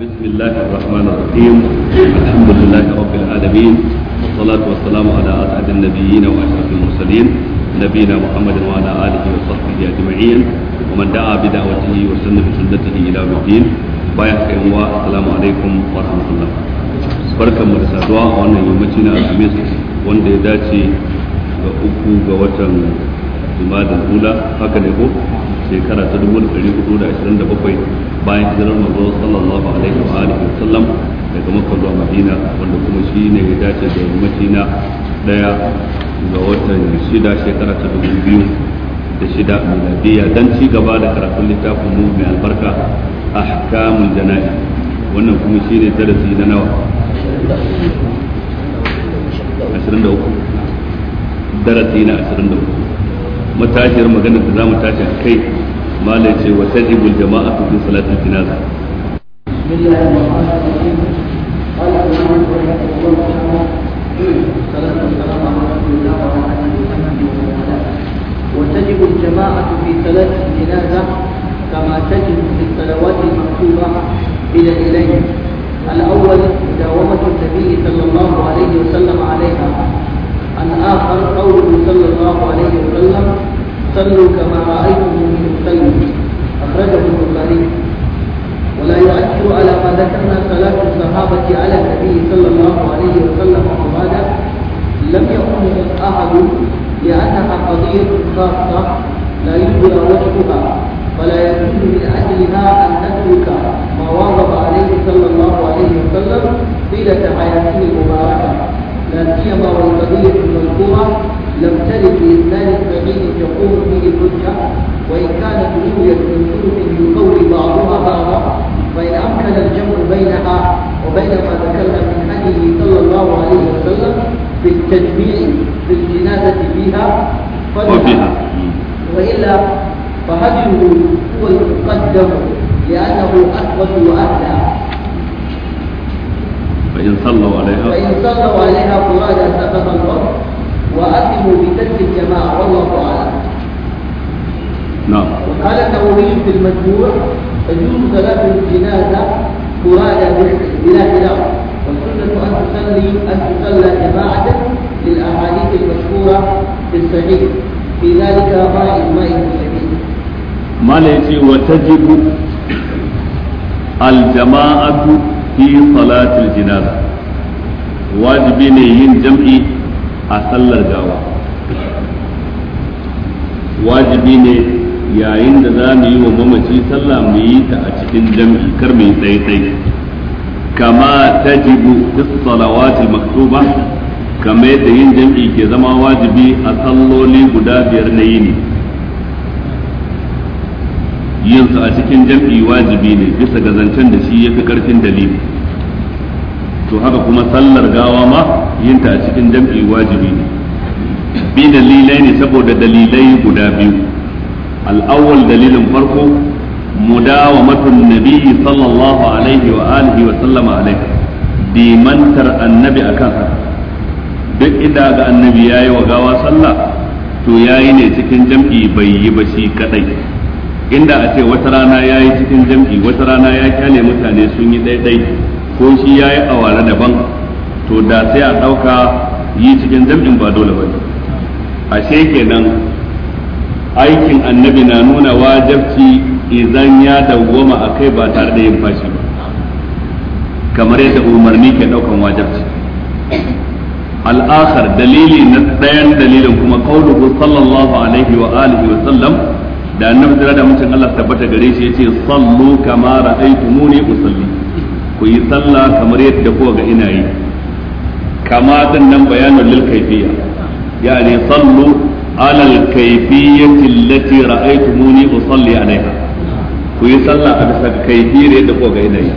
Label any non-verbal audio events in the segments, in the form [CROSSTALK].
بسم الله الرحمن الرحيم الحمد لله رب العالمين والصلاة والسلام على أسعد النبيين وأشرف المرسلين نبينا محمد وعلى آله وصحبه أجمعين ومن دعا بدعوته وسن بسنته إلى يوم الدين بايعك السلام عليكم ورحمة الله barkan mu da saduwa a wannan yammaci na alhamis wanda ya dace ga uku ga watan juma'a da hula haka ne ko shekara ta dubu hudu da da ashirin bakwai bayan hijirar manzo sallallahu alaihi wa alihi wasallam daga makka zuwa madina wanda kuma shi ne ya dace da yammaci na daya ga watan shida shekara ta dubu biyu da 2006 miladiyya dan ci gaba da karatun littafin mu mai albarka ahkamul jana'i wannan kuma shi ne darasi na nawa ashirin da uku darasi na ashirin da uku matashiyar maganar da za mu tashi a kai malai ce wa ta jibul jama'a fi salatin jinaza وتجب الجماعة في صلاة الجنازة كما تجب في الصلوات المكتوبة إلى إليه الأول مداومة النبي صلى الله عليه وسلم عليها عن آخر قوله صلى الله عليه وسلم صلوا كما رأيتم من أصلي أخرجه البخاري ولا يؤثر على ما ذكرنا صلاة الصحابة على النبي صلى الله عليه وسلم وعباده لم يقم أحد لأنها قضية خاصة لا يبدو وجهها فلا يكون من أجلها أن نترك ما واظب عليه صلى الله عليه وسلم طيلة حياته المباركة لكن والقضية المذكورة لم ترد لإنسان صحيح تقوم به الحجة وإن كانت رويت من ثلث يقوي بعضها بعضا فإن أمكن الجمع بينها وبين ما ذكرنا من حديث صلى الله عليه وسلم في التجميع في الجنازة فيها فلها وإلا فهجره هو المقدم لأنه أثبت وأهدى فإن صلوا عليها فإن صلوا عليها فرادا سقط الفرض وأتموا بترك الجماعة والله أعلم نعم وقال توريد في المجموع تجوز صلاة الجنازة فرادا بلا خلاف والسنة أن تصلي أن تصلى جماعة للأحاديث المشهورة في الصحيح في ذلك ما إجماع المسلمين ما ليس وتجب الجماعة fi salatil jinaza wajibi ne yin jam'i a sallar gawa wajibi ne yayin da za mu yi wa mamaci sallah mu yi ta a cikin jam'i kar mu yi tsaye-tsaye kama ta jibu salawati maktuba kamar yadda yin jam'i ke zama wajibi a salloli guda biyar na yini yin su a cikin jam'i wajibi ne bisa ga zancen da shi yafi karfin dalili to haka kuma sallar gawa ma yin ta a cikin jam'i wajibi ne bi dalilai ne saboda dalilai guda biyu al'awwal dalilin farko mudawamatun nabiyyi sallallahu alaihi wa alihi wa sallama alaihi dimantar annabi akan haka duk inda ga annabi yayi wa gawa sallah to yayi ne cikin jam'i bai yi ba shi kadai inda a ce wata rana ya yi cikin jam'i wata rana ya kyale mutane sun yi ɗaiɗai ko shi ya yi awara daban to da sai a ɗauka yi cikin jam'in ba dole ba ashe nan. aikin annabi na nuna wajabci idan ya dawwama a kai ba tare da yin fashi ba kamar yadda umarni ke ɗaukan wajabci al'akar dalili na ɗayan dalilin kuma kauluhu sallallahu alaihi wa alihi wa sallam da annabi da da mutum Allah tabbata gare shi yace sallu kama ra'aytumuni usalli ku yi sallah kamar yadda kuka ga ina yi kama din nan bayanin lil kayfiyya yani sallu ala al kayfiyyati allati muni usalli alaiha ku yi sallah a bisa kayfiyar yadda kuka ga ina yi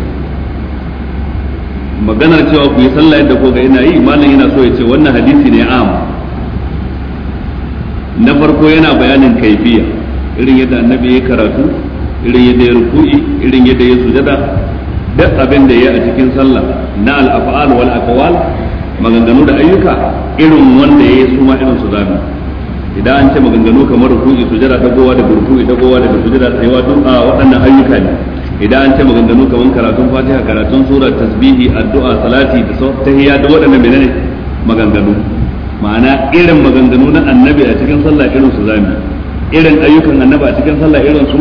maganar cewa ku yi sallah yadda kuka ga ina yi malam yana so ya ce wannan hadisi ne am na farko yana bayanin kaifiya irin yadda annabi ya karatu irin yadda ya ruku'i irin yadda ya sujada duk abin da ya a cikin sallah na al-af'al wal aqwal maganganu da ayyuka irin wanda ya yi su ma irin su zamu idan an ce maganganu kamar ruku'i sujada gowa da ruku'i gowa da sujada tsayawa duk a waɗannan ayyuka ne idan an ce maganganu kamar karatun fatiha karatun sura tasbihi addu'a salati da tahiyya da waɗannan menene maganganu ma'ana irin maganganu na annabi a cikin sallah irin su zamu irin ayyukan annaba a cikin sallah irin su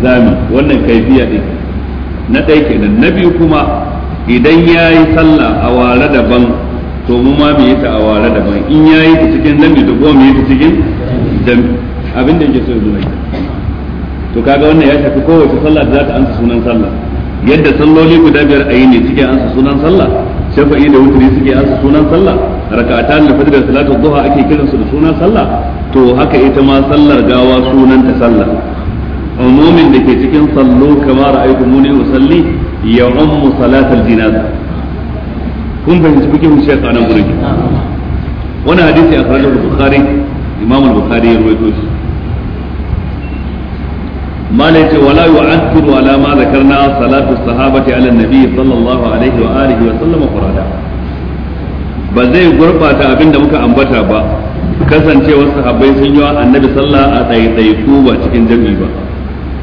zami wannan kaifiya ɗin na ɗaya kenan na biyu kuma idan ya yi sallah a ware daban to mu ma mu yi ta a ware daban in ya yi ta cikin zami to kuma mu yi ta cikin zami abin da yake so ya nuna to kaga wannan ya shafi kowace sallah da za ta ansa sunan sallah yadda salloli guda biyar a yi ne suke ansa sunan sallah shafa'i da wuturi suke ansa sunan sallah raka'atan da fajr salatu duha ake kiransu da sunan sallah to haka ita ma sallar gawa sunanta sallah umumin da ke cikin sallo kamar ra'aytu muni usalli ya ummu salatal jinaza kun fahimci fikin shekha nan gurin wani hadisi a karajar bukhari imam al-bukhari ya rawaito shi malai ce wala yu'akkiru ala ma zakarna salatu sahabati ala nabi sallallahu alaihi wa alihi wa sallama furada ba zai gurbata abinda muka ambata ba kasancewar sahabbai sun yi wa annabi sallah a ko ba cikin jami'i ba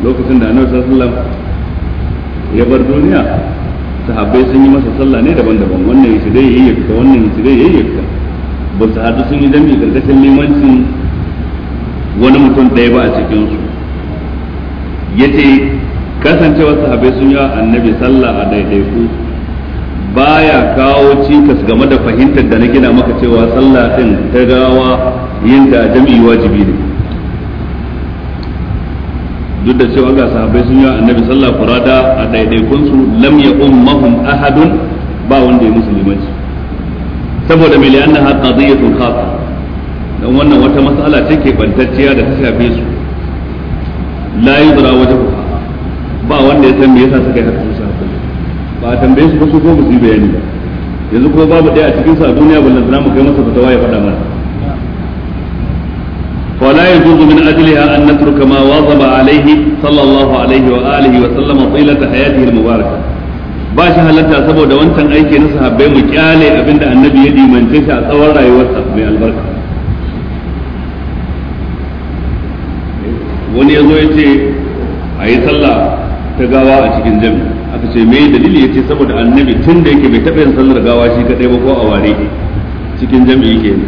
lokacin da annabi sallallahu ya bar duniya sahabbai sun yi masa sallah ne daban-daban wannan yi shirye ya yakka wannan yi shirye ya yakka ba su hadu sun yi jami'i karkashin limancin wani mutum ɗaya ba a cikin su yace kasancewar sahabbai sun yi wa annabi sallah a ko baya kawo cikas game da fahimtar da na gina maka cewa sallah din ta gawa yin ta jam'i wajibi ne duk da cewa ga sahabbai sun yi annabi sallah furada a ɗaiɗaikun su lam ya ummahum ahadun ba wanda ya musulmanci saboda mai li'anna ha qadiyatun khassa dan wannan wata matsala ce ke bantacciya da ta shafe su la yuzra wajhu ba wanda ya san me yasa suka yi haka ba a tambaye su ba su ko ba su yi bayani ba yanzu kuma babu ɗaya a cikin sa a duniya ballan mu kai masa fatawa ya faɗa mana فلا يجوز من أجلها أن نترك ما واظب عليه صلى الله عليه وآله وسلم طيلة حياته المباركة ba shi halarta saboda wancan aiki na sahabbai mu kyale abinda annabi ya dimance shi a tsawon rayuwarsa mai albarka wani ya zo ya ce a yi sallah ta gawa a cikin aka ce me dalili yace saboda annabi tun da yake bai taɓa yin sallar gawa shi kadai ba ko a ware cikin jami'i ke yin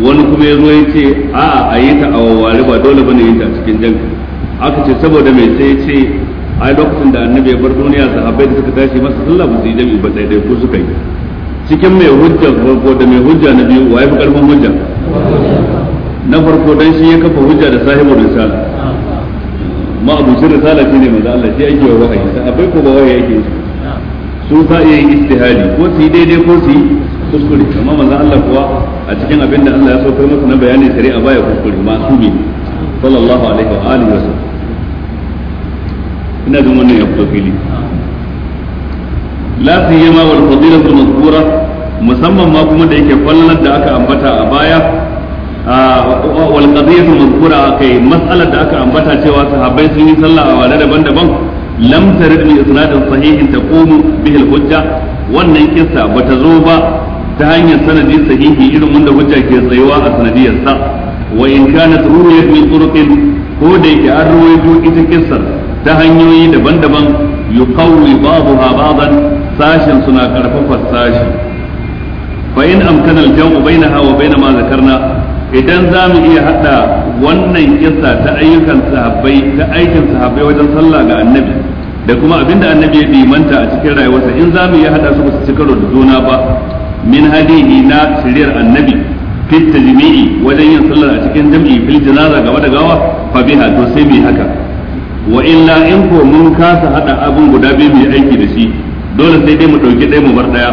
wani kuma ya zo ya ce a a yi ta a ware ba dole bane yin ta cikin jami'i aka ce saboda mai sai ce a lokacin da annabi ya bar duniya sahabbai da suka tashi masa sallah ba su yi jami'i ba sai dai ko suka yi cikin mai hujja farko da mai hujja na biyu wa ya fi karfin hujja na farko dan shi ya kafa hujja da sahibul risala ma abucin risala ne manzo Allah shi ake wa wahayi abai ko ba wahayi yake shi su ka iya yin istihadi ko su yi daidai ko su yi kuskure amma manzo Allah kuwa a cikin abin da Allah ya saukar masa na bayanin shari'a baya kuskure ma su ne sallallahu alaihi wa alihi wasallam ina ga wannan ya fito fili la siyama wal fadilatu mazkura musamman ma kuma da yake fallan da aka ambata a baya A qadiyatu mazkura kai matsalar da aka ambata cewa sahabai sun yi sallah a wale daban-daban lam tarid bi isnadin sahihin taqumu bihi al hujja wannan kissa bata zo ba ta hanyar sanadin sahihi irin da hujja ke tsayuwa a sanadiyar sa wa in kanat ruwiyat min turuqin ko da yake an ruwaito ita kissar ta hanyoyi daban-daban yuqawwi ba'daha ba'dan sashin suna karfafa sashi fa in amkana al-jam'u bainaha wa bain ma zakarna idan za mu iya hada wannan kissa ta ayyukan sahabbai ta aikin sahabbai wajen sallah ga annabi da kuma abinda annabi ya dimanta a cikin rayuwarsa in za mu iya hada su su ci karo da juna ba min hadihi na shiriyar annabi fit tajmi'i wajen yin sallar a cikin jam'i fil janaza gaba da gawa fa biha to sai mu haka wa illa in ko mun kasa hada abun guda biyu mu aiki da shi dole sai dai mu dauki ɗaya mu bar ɗaya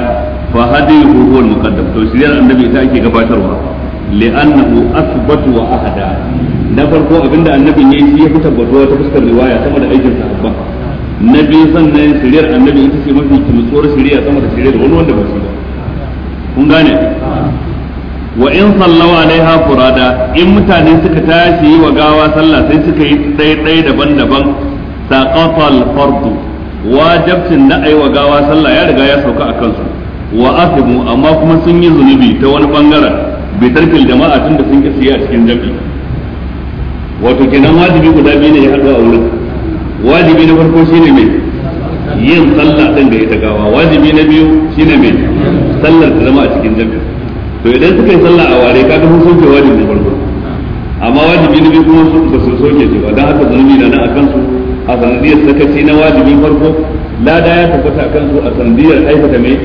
fa hadihi huwa al-muqaddam to shiriyar annabi ta ake gabatarwa li'annahu asbatu wa ahada na farko abinda annabi ne shi ya fi tabbatuwa ta fuskar riwaya sama da aikin sahabba na biyu sannan shiriyar annabi ita ce mafi kimtsuwar shiriya sama da shiriyar wani wanda ba shi ba kun gane wa in sallaw alaiha furada in mutane suka tashi yi wa gawa sallah sai suka yi ɗaiɗai daban-daban saqata al-fardu wajibcin na ayi wa gawa sallah ya riga ya sauka a kansu wa amma kuma sun yi zunubi ta wani bangaren bi tarkil jama'a tunda sun ki siya a cikin jami'i wato kenan wajibi guda biyu ne ya haɗu a wurin wajibi na farko shine mai yin sallah din da ita gawa wajibi na biyu shine mai sallar ta zama a cikin jami'i to idan suka yi sallah a ware kaga sun soke wajibi na farko amma wajibi na biyu kuma ba su soke shi ba dan haka zunubi na nan akan su a sanadiyar sakaci na wajibi farko lada ya tabbata akan su a sanadiyar aikata mai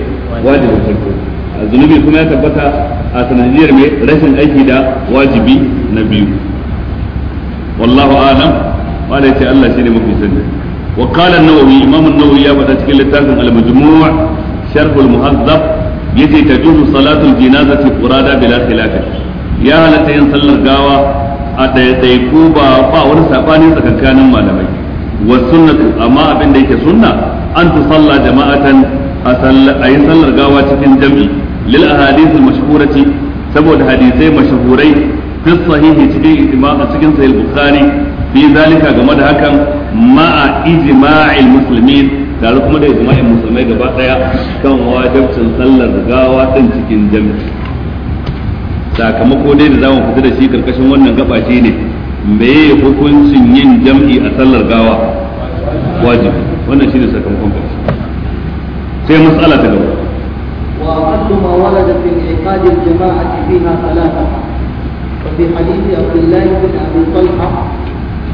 wajibin farko zunubi kuma ya tabbata a sanadiyar mai rashin aiki da wajibi na biyu wallahu alam wanda ya ce Allah shi ne mafi sani wa qala an-nawawi imam an-nawawi ya bada cikin littafin al-majmu' sharh al-muhazzab yace tajuzu salatu al-janazati qurada bila khilaf ya halatta yin sallar gawa a ɗaiɗai ko ba ba wani sabani tsakankanin malamai wa sunnatu amma abin da yake sunna an tusalla jama'atan a yi sallar gawa cikin jam'i lil ahadith al mashhurati saboda hadisai mashhurai fi sahihi cikin ijma'a cikin sahih bukhari fi zalika game da hakan ma'a ijma'il muslimin tare kuma da ijma'in musulmai gaba daya kan wajibcin sallar gawa din cikin jami'i sakamako dai da zamu fita da shi karkashin wannan gaba shi ne meye hukuncin yin jam'i a sallar gawa wajibi wannan shi ne sakamakon karshe sai matsala ta gaba وأرد ما ورد في انعقاد الجماعة فيها ثلاثة وفي حديث عبد الله بن أبي طلحة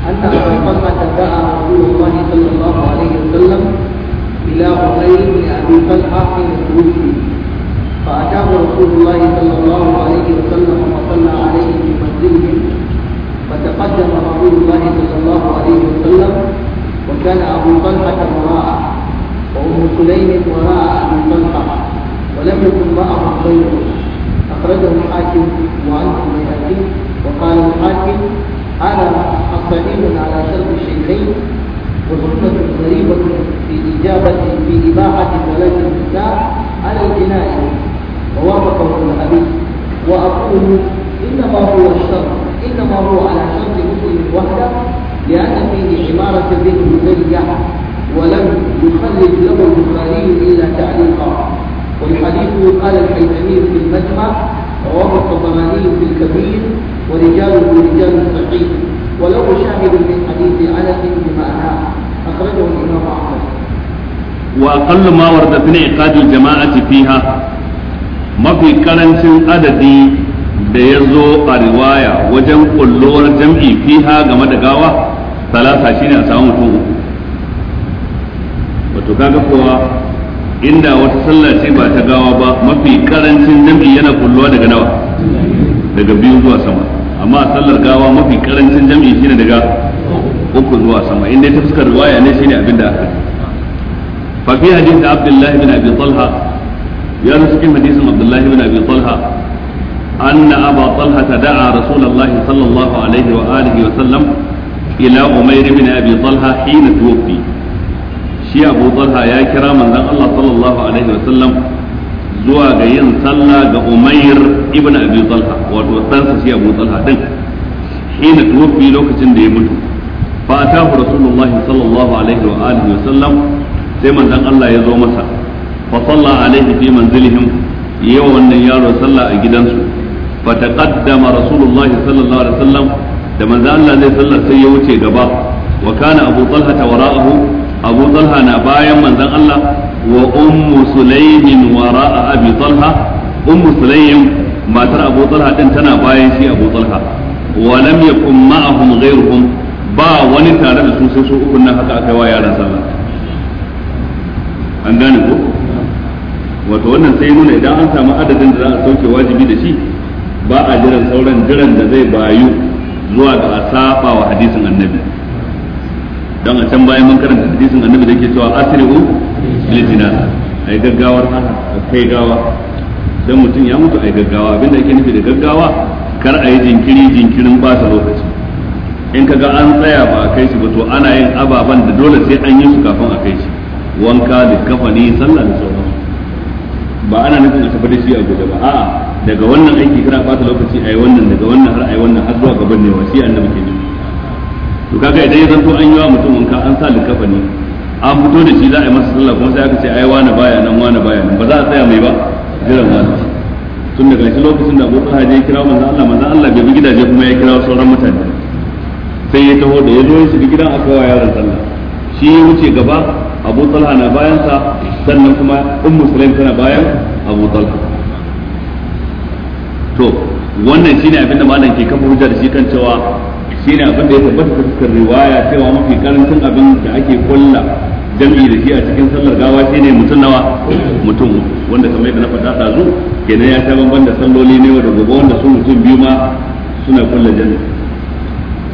أن أبا طلحة دعا رسول الله صلى الله عليه وسلم إلى عمير بن أبي طلحة حين توفي فأتاه رسول الله صلى الله عليه وسلم وصلى عليه في مسجده فتقدم رسول الله صلى الله عليه وسلم وكان أبو طلحة وراءه وأم سليم وراء أبي طلحة لم يكن معه غيره أخرجه الحاكم وعن البيهقي وقال الحاكم أنا الصعيد على شرط الشيخين وظلمة غريبة في إجابة في إباحة صلاة النساء على الجناية ووافقه الذهبي وأقول إنما هو الشرط إنما هو على شرط مسلم وحده لأن فيه عمارة به ولم يخلد له البخاري إلا تعليقا والحديث قال الحيثمي في المجمع رواه الطبراني في الكبير ورجاله رجال صحيح وله شاهد من حديث علي بمعناه اخرجه الامام احمد واقل ما وردتني ايقاد الجماعه فيها ما في adadi da ya zo a riwaya wajen kullowar jam'i fiha game da gawa talata shine a kaga kowa inda wata sallah ce ba ta gawa ba mafi karancin jam'i yana kulluwa daga nawa daga biyu zuwa sama amma sallar gawa mafi karancin jam'i shine daga uku zuwa sama inda ta fuskar riwaya ne shine abin da aka fa fi hadisi Abdullahi bin abi talha ya zo cikin hadisin Abdullahi bin abi talha anna aba talha da'a rasulullahi sallallahu alaihi wa alihi wa sallam ila umayr bin abi talha hina tuwfi shi Abu Talha ya kira manzon Allah sallallahu alaihi wasallam zuwa ga yin sallah ga Umair ibn Abi Talha wato ɗansa shi Abu Talha din hina tuwafi lokacin da ya mutu fa atahu rasulullahi sallallahu alaihi wa alihi wasallam sai manzon Allah ya zo masa fa salla alaihi fi manzilihim yawa wannan yaro sallah a gidansu fa taqaddama rasulullahi sallallahu alaihi wasallam da manzon Allah zai sallar sai ya wuce gaba wa kana Abu Talha wara'ahu abu talha na bayan manzon Allah wa ummu sulaymin wara'a abi talha ummu sulaym matar abu talha din tana bayan shi abu talha wa lam yakun ma'ahum ghayruhum ba wani tare da su sai su ukun nan haka aka yi wa yaran sallah an gane ko wato wannan sai nuna idan an samu adadin da za a sauke wajibi da shi ba a jiran sauran jiran da zai bayu zuwa ga a wa hadisin annabi don a can bayan mun karanta hadisin annabi da ke cewa asri'u bil a yi gaggawar kai gawa don mutum ya mutu a yi gaggawa abinda ake nufi da gaggawa kar a yi jinkiri jinkirin bata lokaci in ka ga an tsaya ba a kai shi ba to ana yin ababen da dole sai an yi su kafin a kai shi wanka da kafani sallah da sauran ba ana nufin a tafi da shi a guda ba a'a daga wannan aiki kana bata lokaci a yi wannan daga wannan har a yi wannan har zuwa gaban ne wa shi annabi ke nufi to kaga idan ya zanto an yi wa mutum wanka an sa likafa ne an fito da shi za a yi masa sallah kuma sai aka ce ai wani baya nan wani baya nan ba za a tsaya mai ba jiran wani tun daga shi lokacin da abu hajji ya kira manzo Allah manzo Allah bai bi gidaje kuma ya kira sauran mutane sai ya taho da ya zo ya shiga gidan aka wa yaron sallah shi ya wuce gaba abu talha na bayan sa sannan kuma in musulmi tana bayan abu talha to wannan shine abinda malam ke kafa hujja da shi kan cewa shine abin da ya tabbata ta cikin riwaya cewa mafi karancin abin da ake kulla jam'i da shi a cikin sallar gawa shine mutum nawa mutum wanda kamar yadda na faɗa zu kenan ya sha bamban da salloli ne wanda gobe wanda su mutum biyu ma suna kulla jam'i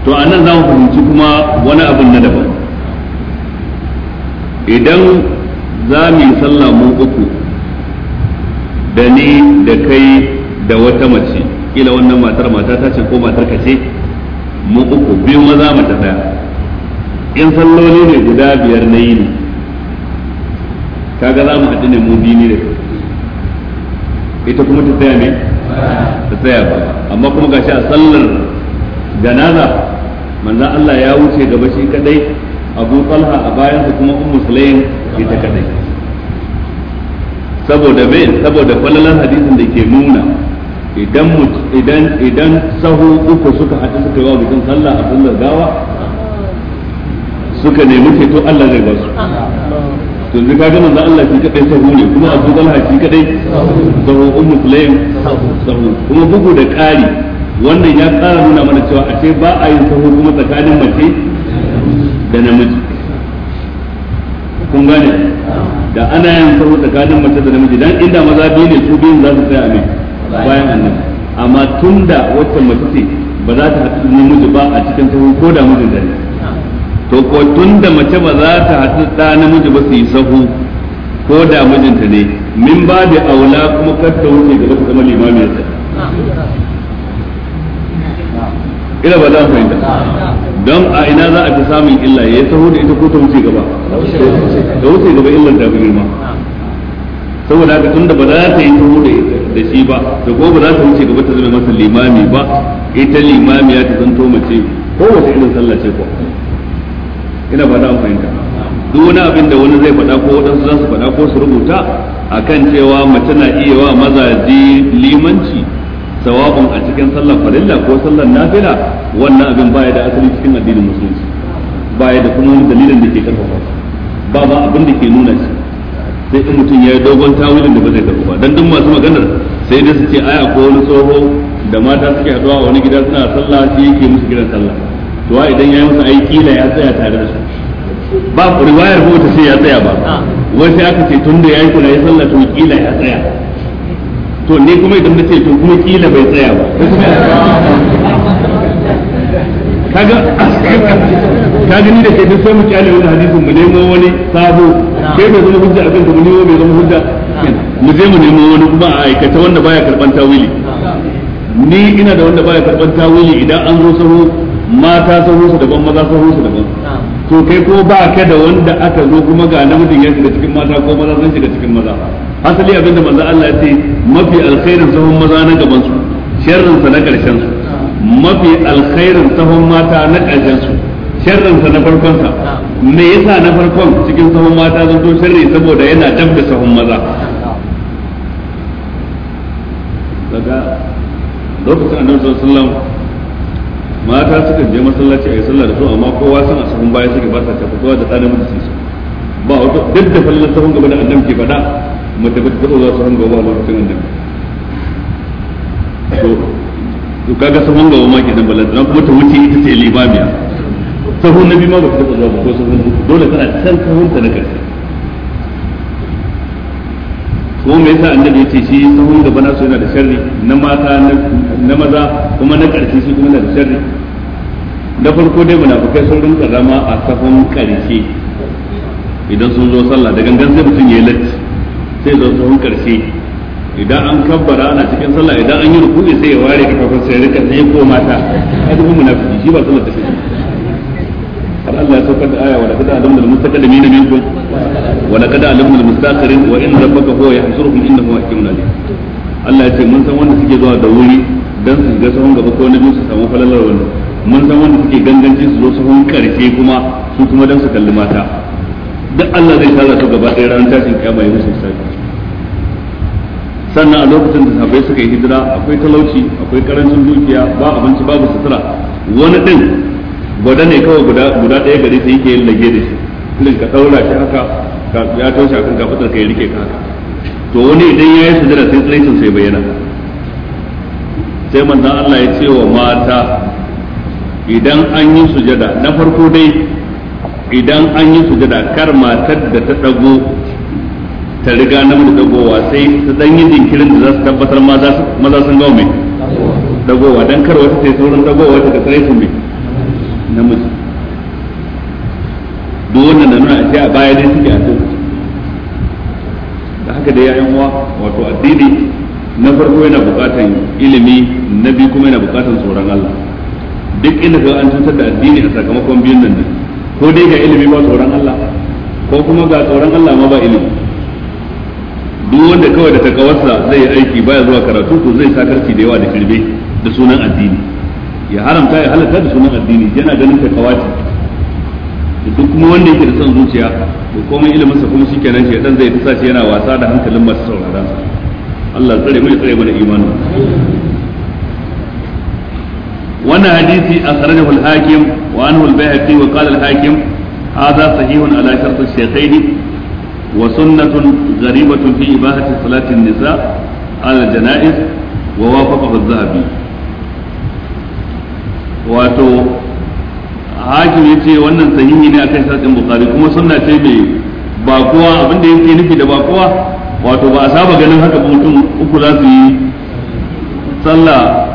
to a nan za mu fahimci kuma wani abin na daban idan za mu yi sallah mu uku da ni da kai da wata mace kila wannan matar mata ta ce ko matar ka ce mu uku biyu maza mata daya in salloli ne guda biyar na yini kaga za mu haɗu ne mu dini da ita kuma ta tsaya ne ta tsaya ba amma kuma gashi a sallar janaza manzan Allah ya wuce gaba shi kadai abu talha a su kuma ummu sulaim ita kadai saboda me saboda falalar hadisin da ke nuna idan idan idan sahu uku suka haɗu suka yi wa mutum sallah a sallar gawa suka nemi ceto Allah zai ba su to zai ka gama Allah shi kadai sahu ne kuma Abu Talha shi kadai sahu Ummu Sulaim sahu kuma bugu da ƙari wannan ya ƙara nuna mana cewa a ce ba a yin sahu kuma tsakanin mace da namiji kun gane da ana yin sahu tsakanin mace da namiji dan inda maza biyu ne su biyun za su tsaya a mai bayan annabi amma tun da wata mace ce ba za ta haɗu namiji ba a cikin sahu ko da mijin da to ko tun da mace ba za ta haɗu da namiji ba su yi sahu ko da mijinta ne min ba da aula kuma kar ta wuce gaba ta zama limamiyarsa ina ba za mu fahimta don a ina za a fi samun illa ya yi sahu da ita ko ta wuce gaba ta wuce gaba illar ta girma saboda haka tun da ba za ta yi sahu da ita da shi ba da ko ba za ta wuce gaba ta zama masa limami ba ita limamiya ta zanto mace ko wace irin sallah ce ko ina ba da an fahimta duk wani abin da wani zai faɗa ko waɗansu za su faɗa ko su rubuta akan cewa mace na iya wa mazaje limanci sawabin a cikin sallar farilla ko sallar nafila wannan abin baya da asali cikin addinin musulunci baya da kuma dalilin da ke karfafa ba ba abin da ke nuna shi sai in mutum ya yi dogon tawilin da ba zai tafi ba dan duk masu maganar sai dai su ce ai ko wani tsoho da mata suke haɗuwa a wani gida suna sallah shi yake musu gidan sallah to idan ya yi musu aiki la ya tsaya tare da su ba riwayar ko ta ce ya tsaya ba ah. wai sai aka ce tun da ya yi kula ya sallah to kila ya tsaya to ne kuma idan nace to kuma kila bai tsaya ba [LAUGHS] kaga [LAUGHS] kaga ni da ke duk sai mu kyale wannan hadisin mu nemo wani sabo sai ka zama hujja akan kuma ne bai zama hujja mu je mu nemo wani kuma a aikata wanda baya karban tawili ni ina da wanda baya karban tawili idan an zo saho mata saho su daban maza saho su daban to kai ko ba ka da wanda aka zo kuma ga namijin ya shiga cikin mata ko maza zan shiga cikin maza asali abinda manzo Allah ya ce mafi alkhairin sahun maza na gaban su sharrin sa na karshen su mafi alkhairin sahun mata na karshen su sharrin sa na farkon sa me yasa na farkon cikin sahun mata zan to sharri saboda yana dab da sahun maza daga lokacin annabi sallallahu alaihi wasallam mata sukan je masallaci a sallah da su amma kowa sun a sahun baya suke ba ta tafi kowa da tsanin mutunci su ba wato duk da fallan sahun gaba da annabi ke faɗa mu tafi da tsawo sahun gaba lokacin annabi to to kaga sahun gaba ma kenan balantana kuma ta wuce ita ce libamiya sahun na biyu ma ba ta taɓa ba ko sahun dole tana can sahun ta na ƙarshe ko me yasa annabi ya ce shi sahun bana na yana da sharri na mata na maza kuma na ƙarshe shi kuma na da sharri na farko dai munafukai sun rinka zama a sahun ƙarshe idan sun zo sallah da gangan sai mutum ya yi latti sai zo sahun ƙarshe idan an kabbara ana cikin sallah idan an yi ruku'i sai ya ware kafafun sai rika sai ya koma ta a duk munafiki shi ba sallar da shi Allah ya saukar da aya wa laqad alimna al minkum wa laqad wa in rabbaka huwa yahsuruhum innahu hakimun alim Allah ya ce mun san wanda suke zuwa da wuri dan su ga sahun gaba ko su samu falalar wannan mun san wanda suke ganganci su zo sahun kuma su kuma dan zai tsara su gaba ɗaya tashin kiyama sannan a lokacin da sahabbai suka yi hijira akwai talauci akwai karancin dukiya ba abinci babu sutura wani din gwada ne kawai guda guda ɗaya gari sai yake yin lage da shi filin ka ɗaura shi haka ka ya shi akan kafin ka yi rike ka haka to wani idan ya yi sujada sai tsiraitin sai bayyana sai manzan Allah ya ce wa mata idan an yi sujada na farko dai idan an yi sujada kar matar da ta ɗago ta riga mu dagowa sai ta dan yi jinkirin da za su tabbatar maza sun gawo mai dagowa dan kar wata sai saurin dagowa ta tsiraitin mai namiji duk wannan na nuna a a baya dai suke a tsokaci da haka dai yayan uwa wato addini na farko yana bukatan ilimi na biyu kuma yana bukatan tsoron Allah duk inda ka an cutar da addini a sakamakon biyun nan ne ko dai ga ilimi ba tsoron Allah ko kuma ga tsoron Allah ma ba ilimi duk wanda kawai da takawarsa zai yi aiki baya zuwa karatu ko zai sakarci da yawa da kirbe da sunan addini ya haramta ya halatta da sunan addini yana ganin ta kawaci duk kuma wanda yake da son zuciya to komai ilimin sa kuma shikenan shi dan zai tsasa shi yana wasa da hankalin masu sauraron sa Allah tsare mu ya tsare mana imanin wannan hadisi a al-hakim wa anhu al-bayhaqi wa qala al-hakim hadha sahihun ala shart ash wa sunnatun gharibatun fi ibahati salati an-nisa ala al-janaiz wa wafaqahu adh-dhahabi wato hakim ya ce wannan sahihi ne akan sharɗin bukari kuma sunna ce mai ba kowa abinda yake nufi da ba kowa wato ba a saba ganin haka ba mutum uku za su yi sallah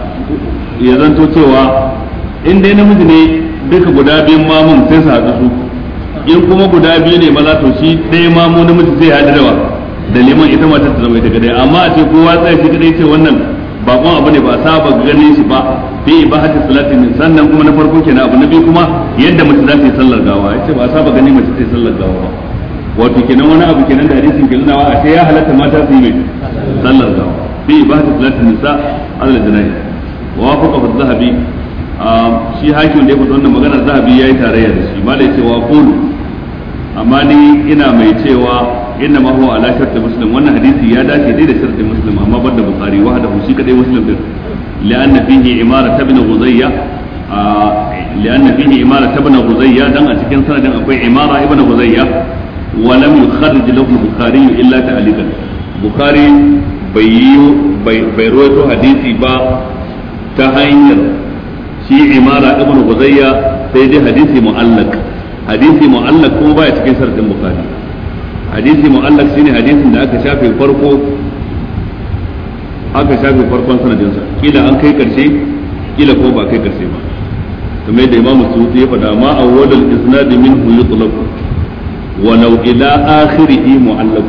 ya zanto cewa in dai namiji ne duka guda biyun mamun sai su haɗu su in kuma guda biyu ne maza to shi ɗaya mamu namiji zai haɗu da wa da liman ita matar ta zama ita gadai amma a ce kowa tsaye shi kadai ce wannan bakon abu ne ba saba ganin shi ba fi ibadatu salati min sannan kuma na farko kenan abu na biyu kuma yadda mace za ta yi sallar gawa yace ba saba ganin mace ta yi sallar gawa ba wato kenan wani abu kenan da hadisin ke wa? a ce ya halatta mata su yi mai sallar gawa fi ibadatu salati Allah da janayi wa wafaqa az-zahabi shi hakim da ya fito wannan maganar zahabi yayi tarayya da shi malai cewa qulu amma ni ina mai cewa inna ma huwa ala shartu muslim wannan hadisi ya dace dai da shartu muslim amma banda bukhari wahdahu shi kadai muslim din لأن فيه إمارة ابن غزية لأن فيه إمارة ابن غزية دان أتكين سنة دان أقوي إمارة ابن غزية ولم يخرج له البخاري إلا تعليقا بخاري بيو بيرويتو حديثي با تهينر شي إمارة ابن غزية سيدي حديثي معلق حديثي معلق هو با أتكين سنة دان بخاري hadisi mu'allaq shine hadisin da aka shafe farko aka shafe farkon sanadinsa kila an kai karshe kila ko ba kai karshe ba kamar yadda imamu suwuti ya faɗa ma awwalul isnad minhu yutlaq wa law ila akhirihi mu'allaq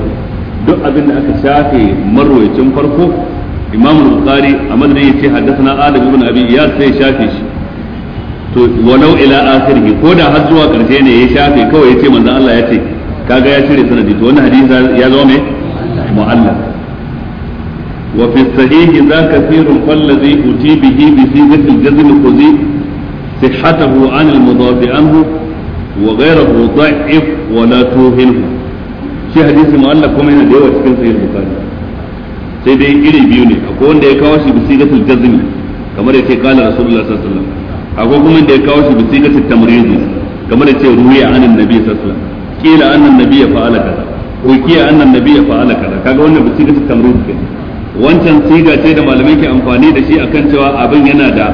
duk abin da aka shafe marwayacin farko imam bukhari a madadin yace haddathana adam ibn abi iyas sai shafe shi to walau ila akhirihi ko da har zuwa karshe ne ya shafe kawai yace manzon Allah ya ce kaga ya cire sanadi to wannan hadisi ya zama mai mu'allaf wa fi sahih za kathirun falladhi uti bihi bi sibati al-jazm al khuzi sihhatahu an al-mudaf anhu wa ghayruhu da'if wa la tuhinhu shi hadisi mu'allaf kuma yana da yawa cikin sahih bukhari sai dai iri biyu ne akwai wanda ya kawo shi bi sibati al-jazm kamar yake qala rasulullah sallallahu alaihi wasallam akwai kuma wanda ya kawo shi bi sibati at-tamrid kamar yake ruwiya an an-nabi sallallahu alaihi wasallam kila annan nabiyya fa'ala kaza ko kiya annan nabiyya fa'ala kaza kaga wannan ba sigar tamrud ke wancan siga ce da malamai ke amfani da shi akan cewa abin yana da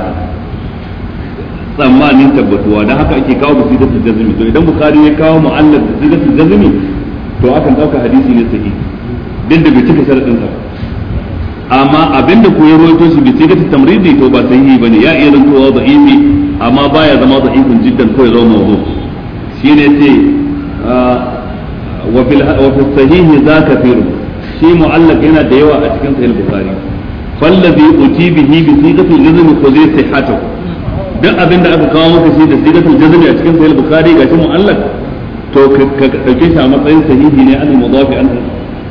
tsammanin tabbatuwa dan haka ake kawo sigar jazmi to idan bukhari ya kawo mu'allaf da siga sigar jazmi to akan dauka hadisi ne sahihi duk da bai cika sharadin sa amma abinda ko ya rawaito shi bi sigar tamridi to ba sahihi bane ya iya zantowa da'ifi amma baya zama da'ifin jiddan ko ya zama mawdu shine ce wa fil sahihi za kafiru shi mu'allaq yana da yawa a cikin sahih bukhari fallazi uti bihi bi sigatil ko zai sihhatu duk abin da aka kawo maka shi da sigatil jazm a cikin sahih bukhari ga shi to ka dauke a matsayin sahihi ne an mudafi an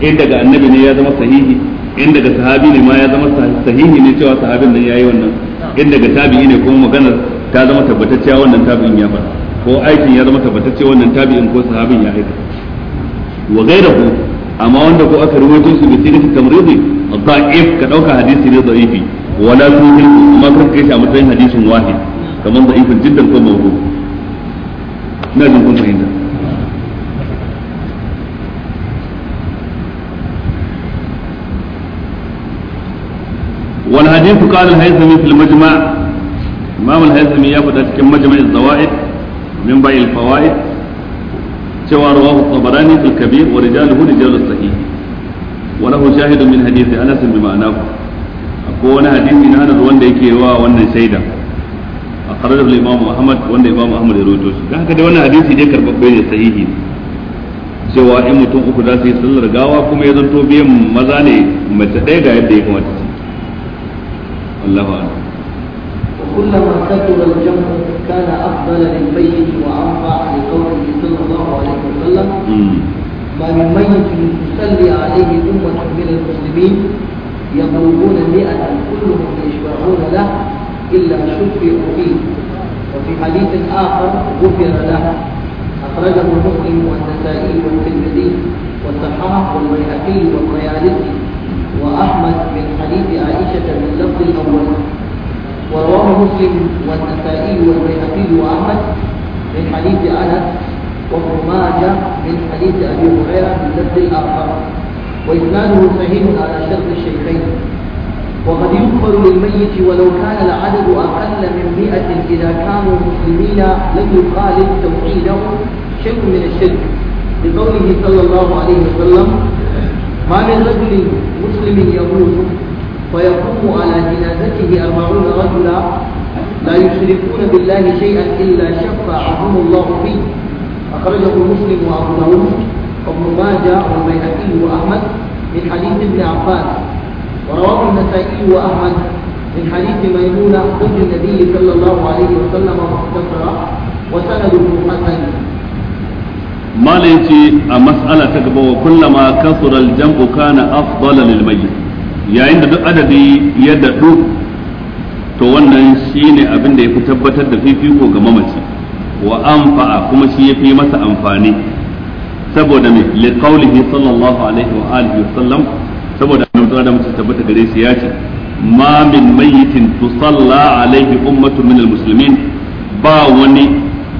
in daga annabi ne ya zama sahihi in daga sahabi ne ma ya zama sahihi ne cewa sahabin nan yayi wannan tabi'i ne kuma maganar ta zama tabbatacciya wannan ya ko aikin ya zama tabbatacce wannan tabi'in ko sahabin ya aika wa gairahu amma wanda ko aka rawaito shi bi sirri tamridi da'if ka dauka hadisi ne da'ifi wala tuhil amma kar kai shi a matsayin hadisin wahid kamar da'ifin jiddan ko mawdu na jin kun fahimta والحديث قال الهيثمي في المجمع إمام الهيثمي يفضل كم مجمع الزوائد min bayil fawaid cewa rawahu tabarani fil kabir wa rijaluhu rijalus sahih wa lahu shahidun min hadith Anas bi ma'anahu akwai wani hadisi na Anas wanda yake wa wannan shaida a kharar da Imam Ahmad wanda Imam Ahmad ya rawaito shi dan haka dai wannan hadisi dai karbabbe ne sahihi cewa in mutum uku za su yi sallar gawa kuma ya zanto biyan maza ne mace ga yadda ya kamata كلما كثر الجمع كان أفضل للميت وأنفع لقوله صلى الله عليه وسلم ما من ميت يصلي عليه أمة من المسلمين يضربون مئة كلهم يشفعون له إلا شفعوا فيه وفي حديث آخر غفر له أخرجه المسلم والنسائي والترمذي والصحاح والبيهقي والبيالسي وأحمد من حديث عائشة من لفظ الأول ورواه مسلم والنسائي والبيهقي واحمد من حديث انس وابن ماجه من حديث ابي هريره من لفظ الاخر واسناده صحيح على شرط الشيخين وقد يغفر للميت ولو كان العدد اقل من 100 اذا كانوا مسلمين لم يخالف توحيده شيء من الشرك لقوله صلى الله عليه وسلم ما من رجل مسلم يموت فيقوم على جنازته أربعون رجلا لا يشركون بالله شيئا إلا شفعهم الله فيه أخرجه مسلم وأبو داود وابن ماجه والبيهقي وأحمد من حديث ابن عباس ورواه النسائي وأحمد من حديث ميمونة زوج النبي صلى الله عليه وسلم مختصرا وسنده حسن ما ليتي مسألة تقبل وكلما كثر الجنب كان أفضل للميت yayin da duk adadi ya dadu to wannan shine abin da ya fi tabbatar da fifiko ga mamaci wa anfa'a kuma shi ya fi masa amfani saboda mai liqaulihi sallallahu alaihi wa alihi wa sallam saboda annabi da mutum tabbata gare shi ya ce ma min mayyitin tusalla alaihi ummatu min almuslimin ba wani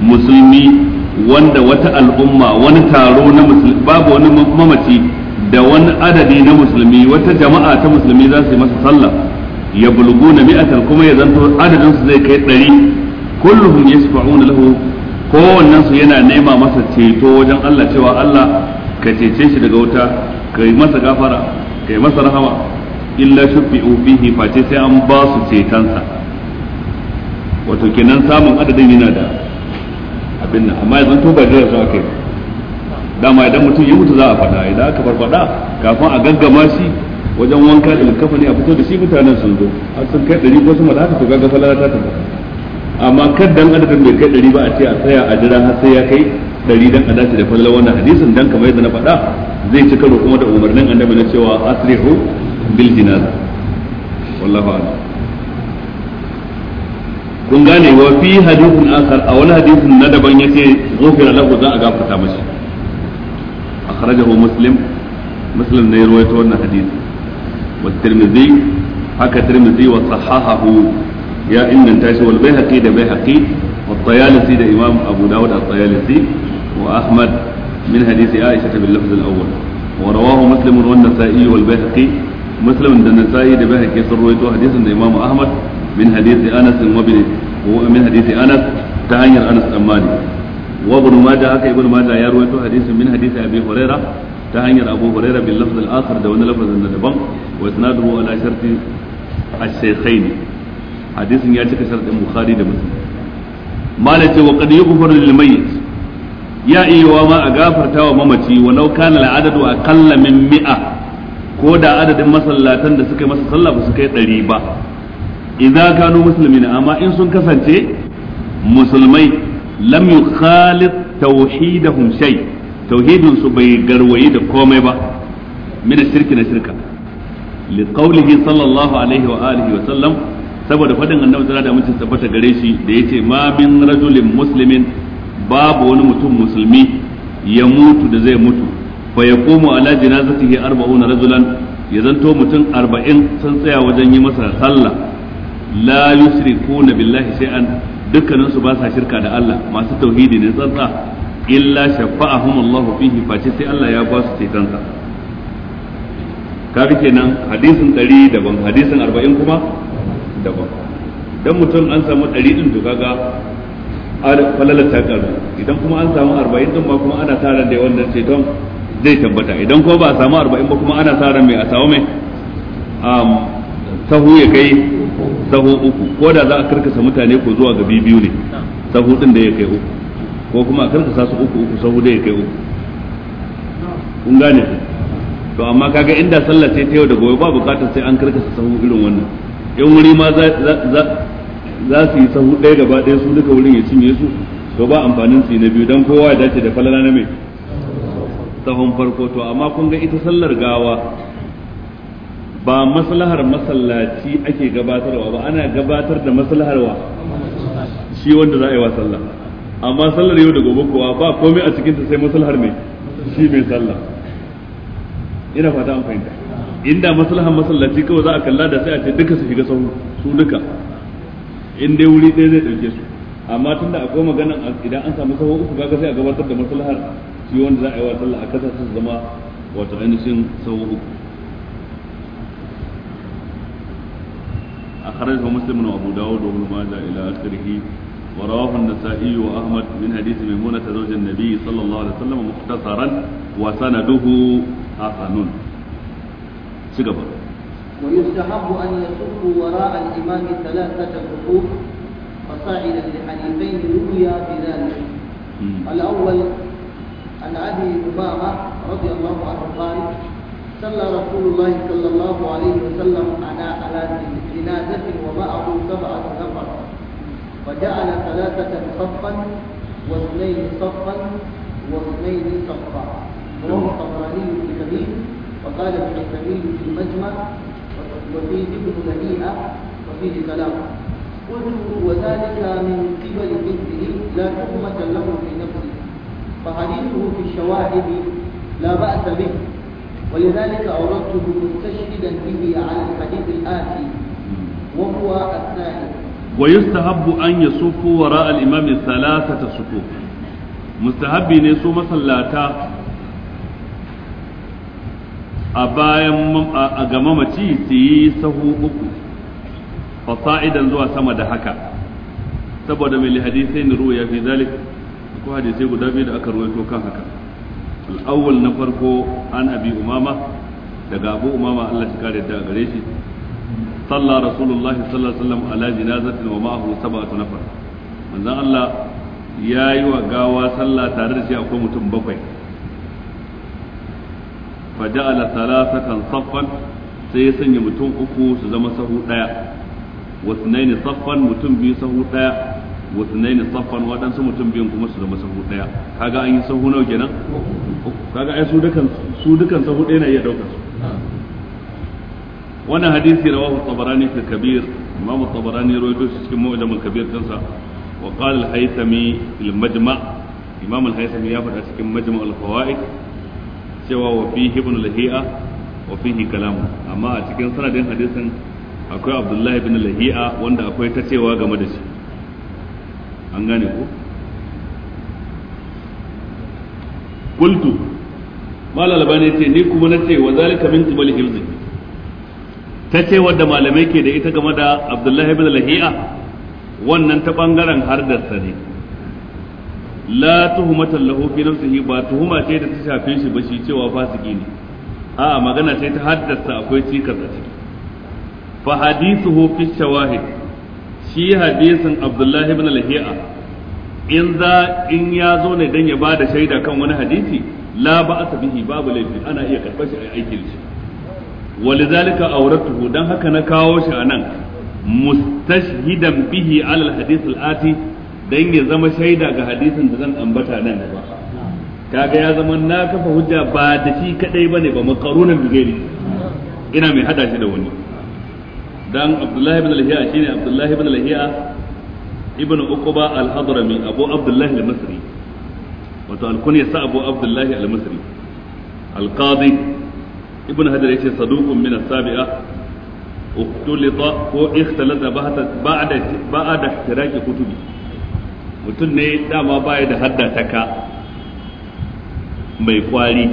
musulmi wanda wata al'umma wani taro na musulmi babu wani mamaci da wani adadi na musulmi wata jama'a ta musulmi za su yi masa sallah ya bulgu na mi'atan kuma ya zanto adadin su zai kai ɗari ya su yasfa'una lahu kowannen su yana nema masa ceto wajen Allah cewa Allah ka cece shi daga wuta ka yi masa gafara ka yi masa rahama illa shubbi'u ubihi face sai an ba su cetonsa wato kenan samun adadin yana da abin nan amma yanzu to ba jira su aka yi dama idan mutum ya mutu za a fada idan aka farfaɗa kafin a gaggama shi wajen wanka da kafa ne a fito da shi mutanen sun zo har sun kai ɗari ko sama da haka to gaga falala ta tabbata amma kaddan adadin bai kai ɗari ba a ce a tsaya a jira har sai ya kai ɗari dan a dace da falala wannan hadisin dan kamar yadda na faɗa zai ci karo kuma da umarnin annabi na cewa asrihu bil jinaza wallahu a'lam kun gane wa fi hadithun akhar a wani hadithin na daban yace ghufira lahu za a gafarta mashi أخرجه مسلم مسلم نيرويت أن حديث والترمذي حكى الترمذي وصححه يا إن انتاش والبيهقي ده بيهقي والطيالسي ده إمام أبو داود الطيالسي وأحمد من حديث عائشة باللفظ الأول ورواه مسلم والنسائي والبيهقي مسلم النسائي ده بيهقي سرويته حديث الإمام أحمد من حديث أنس وابن ومن حديث أنس تعير أنس أماني wa ibn majah aka ibn majah ya rawaito hadisin min hadisi abi huraira ta hanyar abu huraira bil lafz al akhar da wani lafazin da daban wa isnaduhu ala sharti ash-shaykhain hadisin ya cika shartin bukhari da muslim malai ce wa qad yughfaru lil mayyit ya iya ma a gafarta wa mamaci wa kana al adadu aqalla mi'a ko da adadin masallatan da suka masa sallah ba su kai ɗari ba idza kanu muslimin amma in sun kasance musulmai lam Khalid, tauhidahum shay tauhidin su bai garwayi da komai ba min shirki na shirka li qawlihi sallallahu alaihi wa alihi wa sallam saboda fadin annabi zara da mutum tabbata gare shi da yace ma min rajulin muslimin babu wani mutum musulmi ya mutu da zai mutu fa yaqumu ala janazatihi 40 rajulan ya zanto mutum 40 sun tsaya wajen yi masa sallah la yusrikuna billahi shay'an dukkanin su ba sa shirka da Allah masu tauhidi ne tsantsa illa shafa'ahum Allahu fihi face sai Allah ya ba su cetonsa kaga kenan hadisin 100 daban hadisin 40 kuma daban dan mutum an samu 100 din to kaga falalar ta karu idan kuma an samu 40 din ba kuma ana tara da wannan ceton zai tabbata idan kuma ba a samu 40 ba kuma ana tara mai a samu mai sahu ya kai sahu uku ko da za a karkasa mutane ko zuwa ga biyu ne sahu din da ya kai uku ko kuma a karkasa su uku uku sahu da ya kai uku kun gane to amma kaga inda sallah sai ta yau da gobe ba bukatar sai an karkasa sahu irin wannan yan wuri ma za su yi sahu ɗaya gaba ɗaya su duka wurin ya cinye su to ba amfanin su na biyu dan kowa ya dace da falala na mai sahun farko to amma kun ga ita sallar gawa ba maslahar masallaci ake gabatarwa ba ana gabatar da maslaharwa shi wanda za a yi wa sallah amma sallar yau da gobe kuwa ba komai a cikinta sai maslahar mai shi mai sallah ina fata an fahimta inda maslahar masallaci kawai za a kalla da sai a ce duka su shiga sahu su duka in dai wuri ɗaya zai ɗauke su amma tunda akwai magana idan an samu sahu uku kaga sai a gabatar da maslahar shi wanda za a yi wa sallah a kasa su zama wato ainihin sahu uku أخرجه مسلم وأبو داود وابن ماجه إلى آخره ورواه النسائي وأحمد من حديث ميمونة زوج النبي صلى الله عليه وسلم مختصرا وسنده حسن سيقبل ويستحب أن يسب وراء الإمام ثلاثة صفوف فصاعدا لحديثين رويا بذلك الأول عن أبي أمامة رضي الله عنه قال صلى رسول الله صلى الله عليه وسلم على على جنازة ومعه سبعة نفر وجعل ثلاثة صفا واثنين صفا واثنين صفا رواه الطبراني في الحديث وقال الحكمي في المجمع وفيه ابن لهيئة وفيه كلام قلت وذلك من قبل مثله لا تهمة له في نفسه فحديثه في الشواهد لا بأس به ولذلك أوردته مستشهدا به على الحديث الآتي وهو الثاني ويستحب أن يصفوا وراء الإمام ثلاثة صفوف mustahabbi ne su masallata a bayan a ga mamaci su yi sahu uku fasa'idan zuwa sama da haka saboda mai hadisai ni ruwa ya fi zalik ko hadisai guda biyu da aka ruwaito kan haka al na farko an abi umama daga abu umama Allah shi kare da gare shi salla rasulullahi sallallahu alaihi wasallam ala wa ma'ahu sab'atu nafar manzon Allah ya yi wa gawa sallah tare da shi akwai mutum bakwai faja'ala thalathatan saffan sai ya sanya mutum uku su zama wasu saffan mutum biyu wasnaini saffan waɗansu mutum biyun kuma su zama sahu ɗaya kaga an yi sahu nawa kenan kaga ai su dukan su dukan sahu ɗaya na iya daukar su wannan hadisi rawahu tabarani fi kabir imam tabarani rawaito shi cikin mu'jam al-kabir kansa wa qala al-haythami fil majma' imam al-haythami ya faɗa cikin majma' al-fawaid cewa wa fihi ibn al-hi'a wa fihi kalam amma a cikin sanadin hadisin akwai abdullahi ibn al-hi'a wanda akwai ta cewa game da shi an gane ko kultu malal ne ce ni kuma nace wa zalika min qibali hilzi ta ce wadda malamai ke da ita game da abdullahi ibn lahi'a wannan ta bangaren da ne la tuhmatan lahu fi nafsihi ba tuhuma ce da ta shafe shi ba shi cewa fasiki ne a'a magana ce ta haddasa akwai cikas a ciki fa hadithuhu fi shawahid shi hadisin abdullahi ibn lahiya in ya zo ne dan ya ba da shaida kan wani hadisi la ba'sa bihi babu laifi ana iya karɓar shi a aikin shi walidhalika tuhu dan haka na kawo shi a nan anan mustashhidan bihi ala alhadith ati dan ya zama shaida ga hadisin da zan ambata nan gaba kaga ya zama na kafa hujja ba da shi kadai bane ba makarunan bi ina mai hada shi da wani dan abdullahi ibn lahiya shine abdullahi ibn lahiya ibn uquba al-hadrami abu abdullahi al-misri wato alkunya sa abu abdullahi al masri al-qadi ibn hajar yace saduqun min as-sabi'a uktulita ko ikhtalata ba'da ba'da ihtiraqi kutubi mutum ne dama baya da hadda mai kwari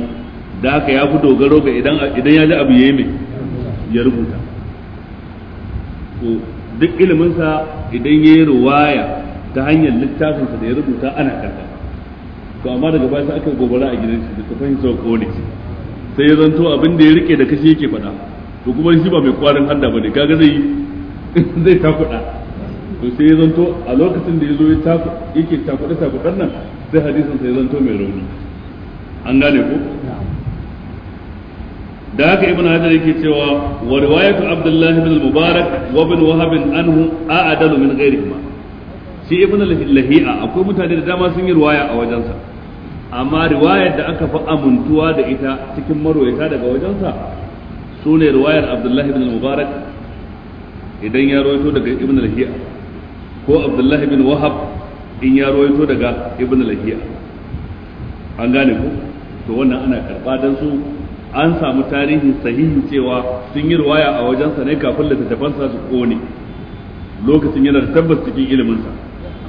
da haka ya fi dogaro ga idan idan ya ji abu yayi mai ya rubuta to duk iliminsa idan ya yi ruwaya ta hanyar littafinsa da ya rubuta ana karɓa to amma daga baya sai aka gobara a gidan shi da fahimta ko ne sai ya zanto abin da ya rike da kashi yake faɗa to kuma shi ba mai kwarin handa bane kaga zai [LAUGHS] zai takuɗa to sai ya zanto a lokacin da ya zo yake ta kuɗan nan sai hadisin sai ya zanto mai rauni an gane ko da haka ibn hajar yake cewa wa riwayatu abdullahi ibn mubarak wa ibn wahab anhu a'dalu min ghairihima shi ibn lahi'a akwai mutane da dama sun yi riwaya a wajensa amma riwayar da aka fi amintuwa da ita cikin marwayata daga wajensa sune riwayar abdullahi ibn mubarak idan ya rawaito daga ibn lahiya ko abdullahi bin wahab in ya rawaito daga ibn lahiya an gane ku to wannan ana karba dan su an samu tarihi sahihi cewa sun yi ruwaya a wajensa ne kafin littattafansa su kone lokacin yana da tabbas cikin iliminsa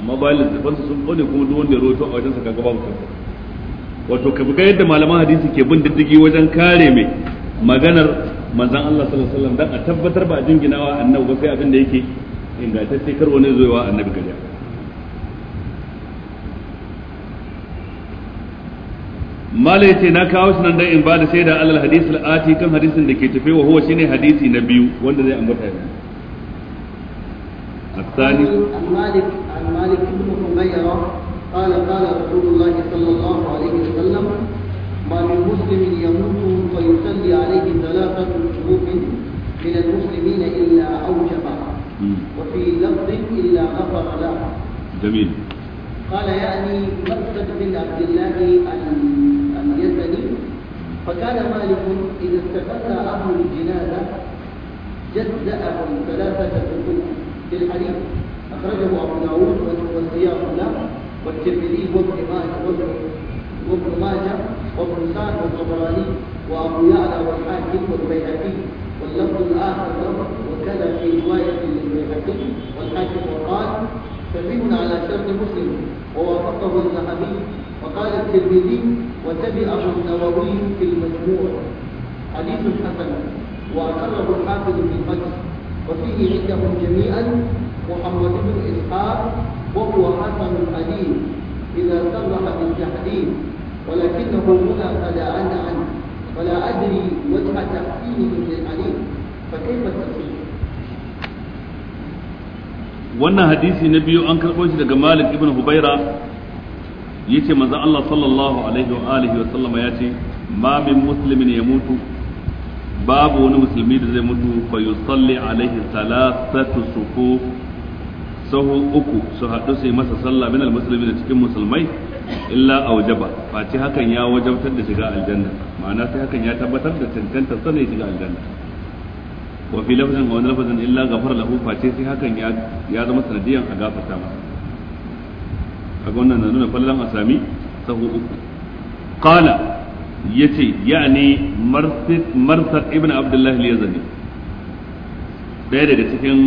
amma bayan littattafansa sun kone kuma duk wanda ya roto a wajensa kaga babu tabbas wato ka ga yadda malaman hadisi ke bin diddigi wajen kare mai maganar manzon Allah sallallahu alaihi wasallam dan a tabbatar ba a jinginawa annabi ba sai abin da yake ingantacce kar wani zo annabi gariya malai ce na kawo shi nan dan in bada da alal hadis al ati kan hadisin da ke tafe wa huwa shine hadisi na biyu wanda zai ambata yanzu الثاني عن مالك عن مالك بن حميرة قال قال رسول الله صلى الله عليه وسلم ما من مسلم يموت ويصلي عليه ثلاثة شهور من المسلمين إلا أوجبه وفي لفظ إلا غفر له جميل قال يعني مكتب بن عبد الله اليزني فكان مالك إذا استفدنا أهل الجنازة جزأهم ثلاثة كتب في الحديث أخرجه أبو داود والسياق له والترمذي وابن ماجه وابن ماجه وابن سعد والطبراني وأبو يعلى والحاكم والبيهقي واللفظ الآخر وكذا في رواية للبيهقي والحاكم وقال سبيل على شرط مسلم ووافقه الذهبي وقال الترمذي وتبعه النووي في المجموع حديث حسن وأقره الحافظ بن القدس وفيه عندهم جميعا محمد بن إسحاق وهو حسن الحديث إذا صرح بالتحديد ولكنه هنا قد عنه ولا أدري وجه تحسينه للحديث فكيف التصحيح wannan hadisi na biyu an karɓo shi daga malik ibn hubaira ce maza Allah sallallahu alaihi wa alihi wa sallama yace ma min muslimin ya mutu babu wani musulmi da zai mutu fa yusalli alaihi salasatu sufu sahu uku su haɗu su yi masa sallah min almuslimin da cikin musulmai illa aujaba face hakan ya wajabtar da shiga aljanna ma'ana sai hakan ya tabbatar da cancantar sanai shiga aljanna wa fi lafzin wa lafzin illa gafar lahu face sai hakan ya zama sanadiyan a gafarta masa kaga wannan na nuna fallan sami sahu uku qala yace yani marsad marsad ibn abdullah al-yazani daya daga cikin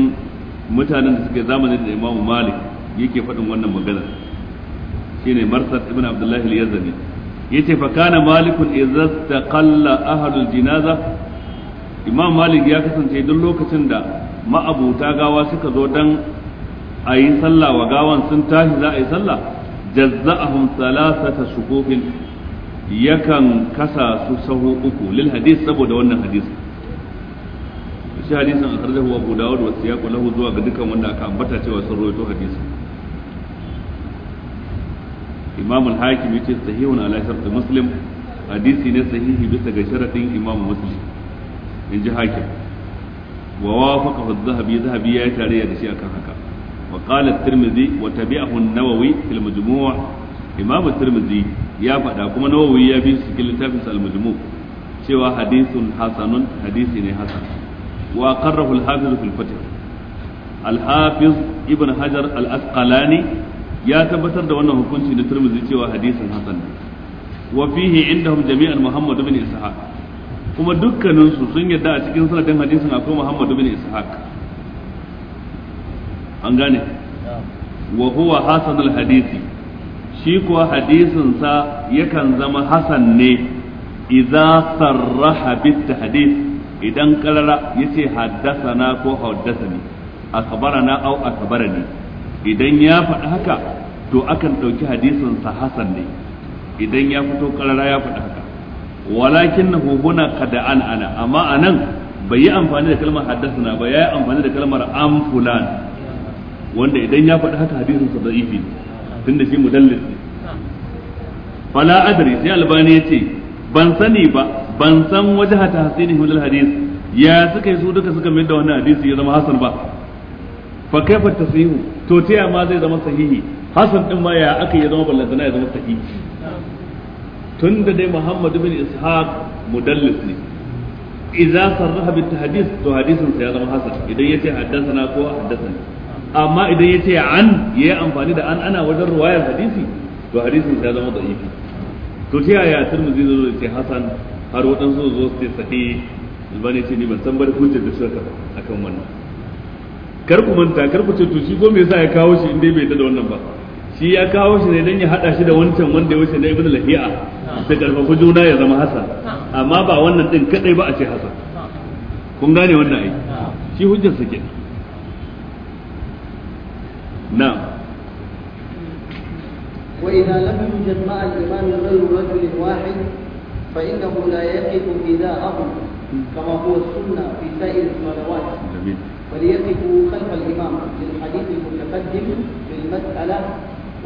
mutanen da suke zamanin da imamu malik yake faɗin wannan magana shine marsad ibn abdullah al-yazani yace fa kana malikun idza taqalla ahlul jinaza imam malik ya kasance duk lokacin da ma'abuta gawa suka zo dan a yi sallah wa gawan sun tashi za a yi sallah jazza'ahum thalathata shukufin yakan kasa su sahu uku lil hadis saboda wannan hadis. shi hadisin akhrajahu abu dawud wa siyaq lahu zuwa ga dukan wanda aka ambata cewa sun rawaito hadisin imam al-hakim yace sahihun ala shart muslim hadisi ne sahihi bisa ga sharadin imam muslim in ji hakim wa wafaqa fa zahabi zahabi ya yi tarayya da shi akan haka wa qala at-tirmidhi wa tabi'ahu an-nawawi fil majmu' imam at-tirmidhi ya faɗa kuma nawawi ya bi su cikin littafin al-majmu' cewa hadithun hasanun hadisi ne hasan wa qarrahu al-hafiz fil fath al-hafiz ibn hajar al-asqalani ya tabbatar da wannan hukunci da tirmidhi cewa hadisin hasan ne wa fihi indahum jami'an muhammad ibn ishaq kuma dukkaninsu sun yadda a cikin sanadin hadisin akwai muhammadu bin Ishaq an gane wa huwa hasan al-hadisi shi kuwa hadisinsa yakan zama hasan ne idza sarraha bit tahdith idan kalara yace haddathana ko haddathani akhbarana aw akhbarani idan ya faɗi haka to akan ɗauki hadisinsa sa hasan ne idan ya fito kalara ya faɗi haka na hubuna kada an ana amma anan bai yi amfani da kalmar haddathana ba yayi amfani da kalmar am fulan wanda idan ya faɗi haka hadisin sa da'ifi tunda shi mudallis ne fala adri sai albani yace ban sani ba ban san hata tahsinihi lil hadis ya suka yi su duka suka mai da wannan hadisi ya zama hasan ba fa kaifa tasihu to ta ma zai zama sahihi hasan din ma ya aka ya zama ballantana ya zama sahihi tun da dai Muhammad bin Ishaq mudallis ne idza sarraha bit hadith to hadisin sa ya zama hasan idan yace haddathana ko haddathani amma idan yace an yayi amfani da an ana wajen ruwayar hadisi to hadisin sa ya zama da'ifi to ta yaya Tirmidhi zai zo ce hasan har waɗansu zo su ce sahih albani ce ni ban san bar hujjar da suka akan wannan kar ku manta kar ku ce to shi ko me yasa ya kawo shi in dai bai da wannan ba shi ya kawo shi ne don ya hada shi da wancan wanda ya wuce na ibn lahiya da karfafa juna ya zama hasan amma ba wannan din kadai ba a ce hasan kun gane wannan ai shi hujjar sa kenan na'am وإذا لم يوجد مع الإمام غير رجل واحد فإنه لا يقف فداءهم كما هو السنة في سائر الصلوات وليقفوا خلف الإمام للحديث المتقدم في المسألة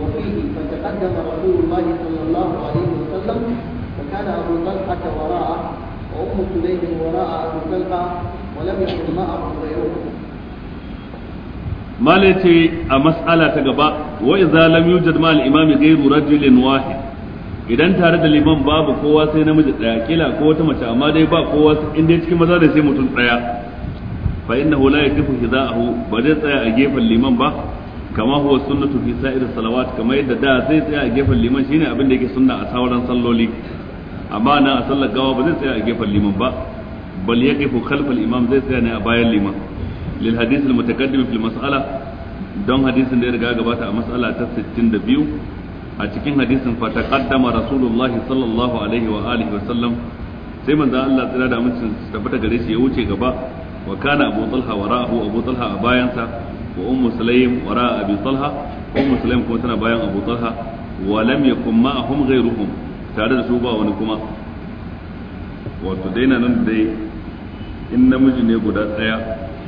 وفيه فتقدم رسول الله صلى الله عليه وسلم فكان أبو طلحة وراءه وأم سليم وراء أبو طلحة ولم يكن معه غيره malace a mas'ala ta gaba wa idza lam yujad ma al-imam ghayru rajulin wahid idan tare da liman babu kowa sai namiji daya kila ko wata mace amma dai ba kowa in dai cikin maza da sai mutum daya fa innahu la yakifu hidahu ba zai tsaya a gefen liman ba kama huwa sunnatu fi sa'ir salawat kamar yadda da zai tsaya a gefen liman shine abin da yake sunna a sauran salloli amma na a sallar gawa ba zai tsaya a gefen liman ba bal yaqifu khalfal imam zai tsaya ne a bayan liman lil hadith al mutaqaddim fil mas'ala don hadisin da ya riga gabata a mas'ala ta 62 a cikin hadisin fa taqaddama rasulullahi sallallahu alaihi wa alihi wa sallam sai manzo Allah tsira da amincin tabbata gare shi ya wuce gaba wa kana abu talha wara'ahu abu talha a bayansa wa ummu sulaym wara abi talha ummu sulaym kuma tana bayan abu talha wa lam yakun ma'ahum ghayruhum tare da su ba wani kuma wato dai na nan dai in namiji ne guda tsaya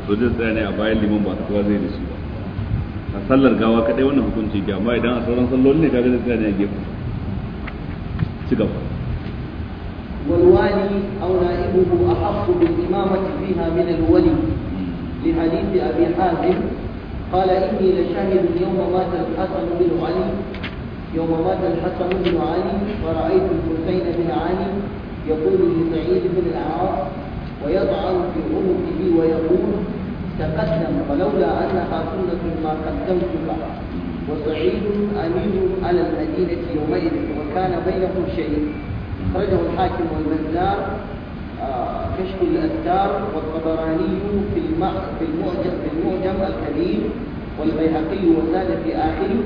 to zai tsaya ne a bayan liman ba kowa zai da shi ba a sallar gawa kadai wannan hukunci ke amma idan a sauran sallolin ne kaga zai tsaya ne a gefe ci gaba والوالي أو نائبه أحق بالإمامة فيها من الولي لحديث أبي حازم قال إني لشاهد يوم مات الحسن بن علي يوم مات الحسن بن علي ورأيت الحسين بن علي يقول لسعيد بن العاص ويطعن في عنقه ويقول تقدم ولولا أنها سنة ما قدمت لها وسعيد أمين على المدينة يومئذ وكان بينهم شيء أخرجه الحاكم والبزار كشف الأذكار والطبراني في المعجم, في المعجم الكبير والبيهقي وزاد في آخره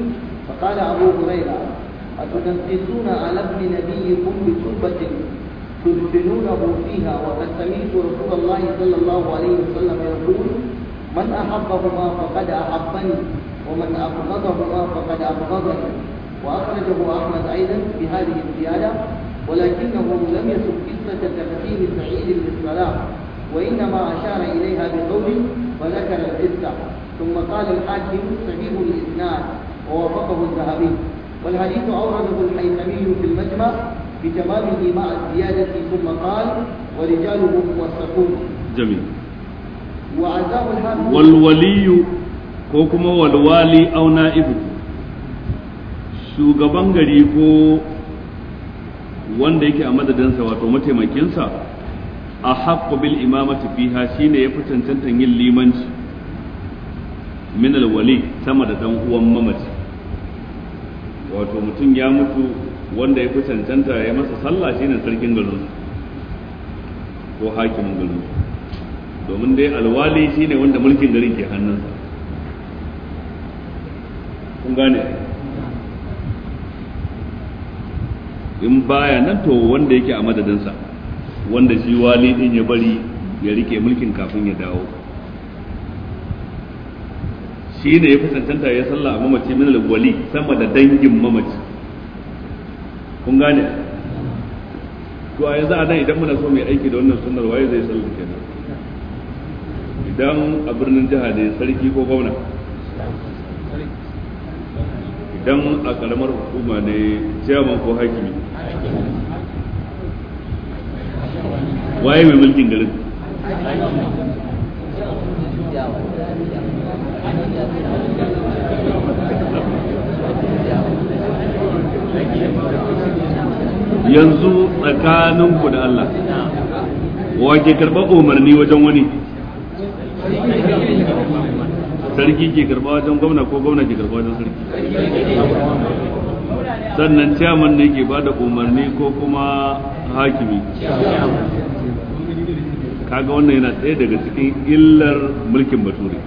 فقال أبو هريرة أتدسسون على ابن نبيكم بتربة تدفنونه فيها وقد سمعت رسول الله صلى الله عليه وسلم يقول من أحبهما فقد أحبني ومن أبغضهما فقد أبغضني وأخرجه أحمد أيضا بهذه الزيادة ولكنهم لم يسب قسمة تفسير سعيد للصلاة وإنما أشار إليها بقوله وذكر العزة ثم قال الحاكم صحيح الإسناد ووافقه الذهبي والحديث أورده الحيثمي في المجمع بتمامه مع الزيادة ثم قال ورجاله موثقون جميل وعزاه الحاكم والولي كوكما والوالي أو نائبه شو غبنغري ko wanda yake a madadinsa wato mataimakinsa a haƙƙo bil imamati fiha shine ya fi cancantan yin limanci min alwali sama da dan uwan mamaci wato mutum ya mutu wanda ya fi cancanta ya masa sallah shine sarkin garin ko hakimin garin domin dai alwali shine wanda mulkin garin ke hannunsa kun gane in baya nan to wanda yake a madadinsa wanda shi wali din ya bari ya rike mulkin kafin ya dawo shi ne ya fi cancanta ya sallah a mamaci min wali sama da dangin mamaci kun gane to a yanzu a nan idan muna so mai aiki da wannan sunnar waye zai sallu kenan idan a birnin jiha ne sarki ko gwamna idan a karamar hukuma ne ciyaman ko hakimi waye mai mulkin garin yanzu tsakaninku da Allah wa ke karɓar umarni wajen wani sarki ke karɓa wajen gwamna ko gwamna ke karɓa wajen sarki sannan ciyaman ne ke bada umarni ko kuma hakimi kaga wannan yana ɗaya daga cikin illar mulkin bature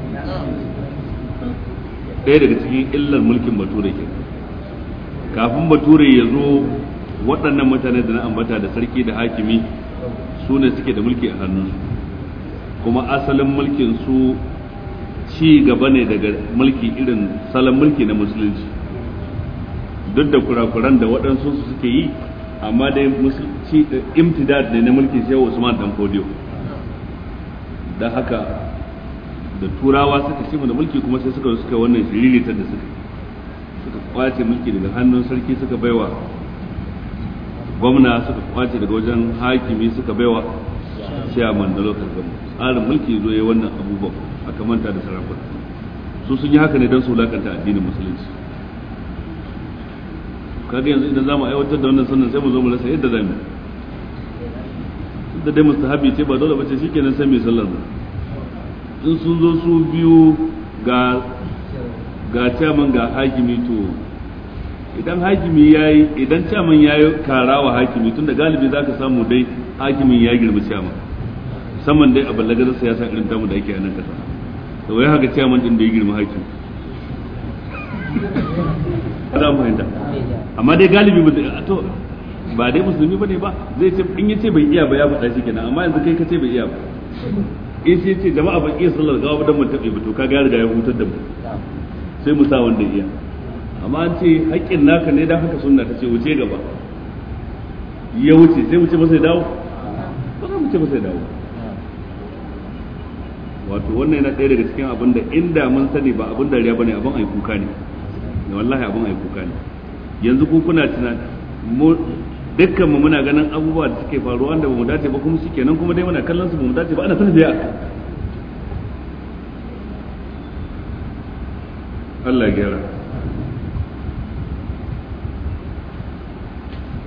ɗaya daga cikin illar mulkin bature ke kafin bature ya zo waɗannan mutane da na ambata da sarki da hakimi su ne suke da mulki a hannunsu kuma asalin mulkin su ci gaba ne daga mulki irin salon mulki na musulunci duk da kurakuran da waɗansu suke yi amma dai musulci imtidad ne na mulkin shehu usman dan fodiyo da haka da turawa suka shi da mulki kuma sai suka suka wannan shiriritar da suka suka kwace mulki daga hannun sarki suka baiwa gwamna suka kwace daga wajen hakimi suka baiwa chairman da lokacin government tsarin mulki zo ya wannan abubuwa a kamanta da sarakuna su sun yi haka ne don su wulakanta addinin musulunci kaga yanzu idan zamu aiwatar da wannan sunan sai mu zo mu rasa yadda zamu da dai mustahabi ce ba dole bace shikenan sai mai sallar ba in sun zo su biyu ga ga chairman ga hakimi to idan hakimi yayi idan chairman yayi karawa hakimi tunda galibi zaka samu dai hakimin ya girma chairman saman dai a ballagarar siyasa irin tamu da ake a nan kasa to wai haka chairman din da ya girma hakimi za mu amma dai galibi to ba dai musulmi ba ne ba zai ce in yace bai iya ba ya faɗa shi kenan amma yanzu kai ka ce bai iya ba in sai ce jama'a ban iya sallar gawa ba dan mun tabe ba to ka ga riga ya hutar da mu sai mu sa wanda iya amma an ce haƙƙin naka ne dan haka sunna ta ce wuce gaba ya wuce sai mu ce masa ya dawo ba za mu ce masa ya dawo wato wannan yana ɗaya daga cikin abin da inda mun sani ba abin da riya bane abin ai kuka ne ne wallahi abun ai kuka ne yanzu ku kuna tunan dukkan mu muna ganin abubuwa da suke faruwa da bamu dace ba kuma nan kuma dai muna kallon su bamu dace ba ana sanin ya Allah ya gyara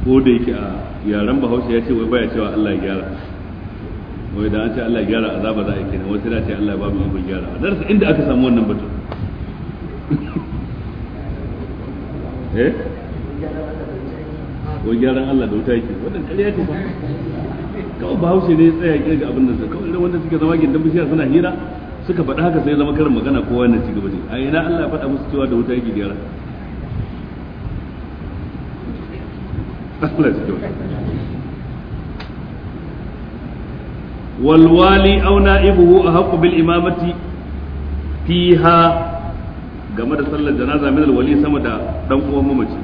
ko da yake a yaren bahaushe ya ce wai baya cewa Allah ya gyara wai da an ce Allah ya gyara azaba za a yi kenan wata da ce Allah ya ba mu ya gyara a darasa inda aka samu wannan batun eh wai gyaran Allah da wuta yake wannan ƙarya ce ba kawai bahaushe ne ya tsaya kirga abin nan kawai da wanda suka zama gindan bishiya suna hira suka faɗa haka sai zama karin magana kowa na cigaba ne a ina Allah ya faɗa musu cewa da wuta yake gyara Allah walwali kyauta والوالي a نائبه bil imamati فيها game da sallar janaza min alwali sama da dan uwan mamaci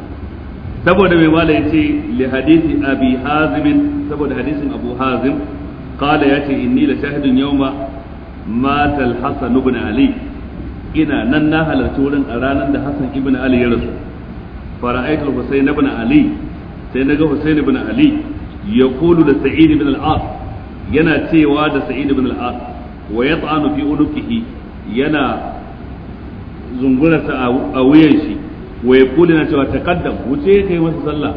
saboda mai mala yace li hadisi abi hazim saboda hadisin abu hazim qala yace inni la shahidun yawma mata al-hasan ibn ali ina nan na halarci wurin a ranar da hasan ibn ali ya rasu fara'aitu husayn ibn ali sai naga husayn ibn ali yaqulu da sa'id ibn al-as yana cewa da sa'id ibn al-as wa yat'anu fi unukihi yana zungunarsa a wuyan shi wa ya kuli na cewa takaddam wuce kai masa sallah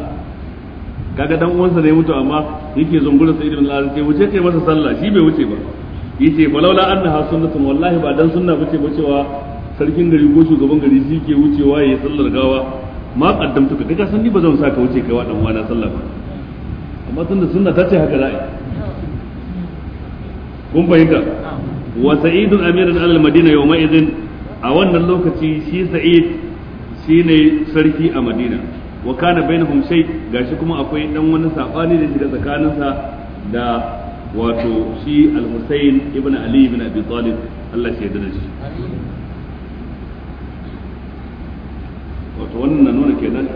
kaga dan uwansa da ya mutu amma yake zungunarsa idan Allah ya wuce kai masa sallah shi bai wuce ba yace falawla annaha sunnatun wallahi ba dan sunna bace ba cewa sarkin gari ko shugaban gari shi ke wucewa yayi sallar gawa ma kaddamtu ka kaga san ni ba zan saka wuce kai wa dan wani sallah ba amma tunda sunna ta ce haka za'i kun fahimta wa sa'idun amirun al-madina yawma idin a wannan lokaci shi sa'id ne sarki a madina wa kana bainahum shay gashi kuma akwai dan wani sabani da shiga tsakaninsa da wato shi al-Husayn ibn Ali ibn Abi Talib Allah shi yarda shi wato wannan na nuna kenan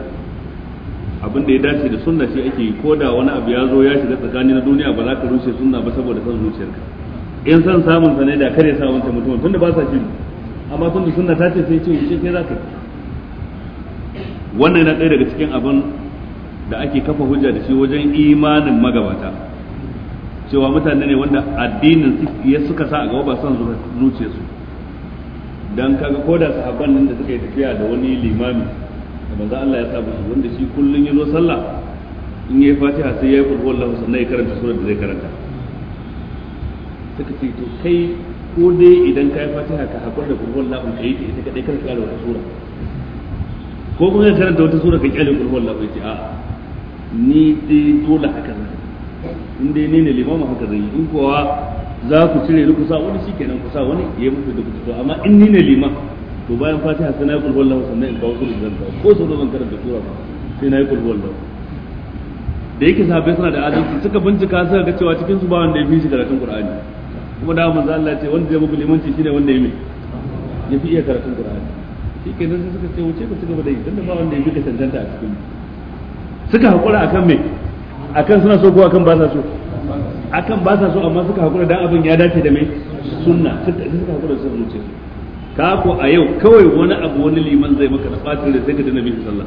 abin da ya dace da sunna shi ake yi ko da wani abu ya zo ya shiga tsakani na duniya ba za ka rushe sunna ba saboda san zuciyarka in san samun sa ne da kare sa wancan mutum tunda ba sa shi amma tun da sunna ta ce sai ce shi kai za ka wannan yana ɗaya daga cikin abin da ake kafa hujja da shi wajen imanin magabata cewa mutane ne wanda addinin ya suka sa a gaba ba son su dan kaga ko da sahabban nan da suka yi tafiya da wani limami da manzo Allah ya sa musu wanda shi kullun ya zo sallah in yayi fatiha sai yayi qul huwallahu sannan ya karanta surar da zai karanta suka ce to kai ko dai idan ka yi fatiha ka haƙura da kulhuwar lafi ka yi ta ita kaɗai kada ƙara wata sura ko kuma ya da wata sura ka ƙyale kulhuwar lafi ce a ni dai dole haka zai in dai ne ne limama haka zai yi in kowa za ku cire ni sa wani shi kenan ku sa wani ya mutu da kuta amma in ni ne liman to bayan fatiha sai na yi kulhuwar lafi sannan in kawo sura zan kawo ko sau zan karanta sura ba sai na yi kulhuwar lafi da yake sahabai suna da adalci suka bincika suka ga cewa cikin su ba wanda ya fi shi karatun qur'ani kuma da manzo Allah ce wanda zai muku limanci shine wanda ya mai ya fi iya karatun Qur'ani shi ke nan suka ce wuce ku ci gaba da yi dan ba wanda ya fi tantanta a cikin suka hakura akan me akan suna so ko akan ba sa so akan ba sa so amma suka hakura dan abin ya dace da mai sunna suka hakura su wuce. ka ko a yau kawai wani abu wani liman zai maka na fatin da sai ka dana bihi sallah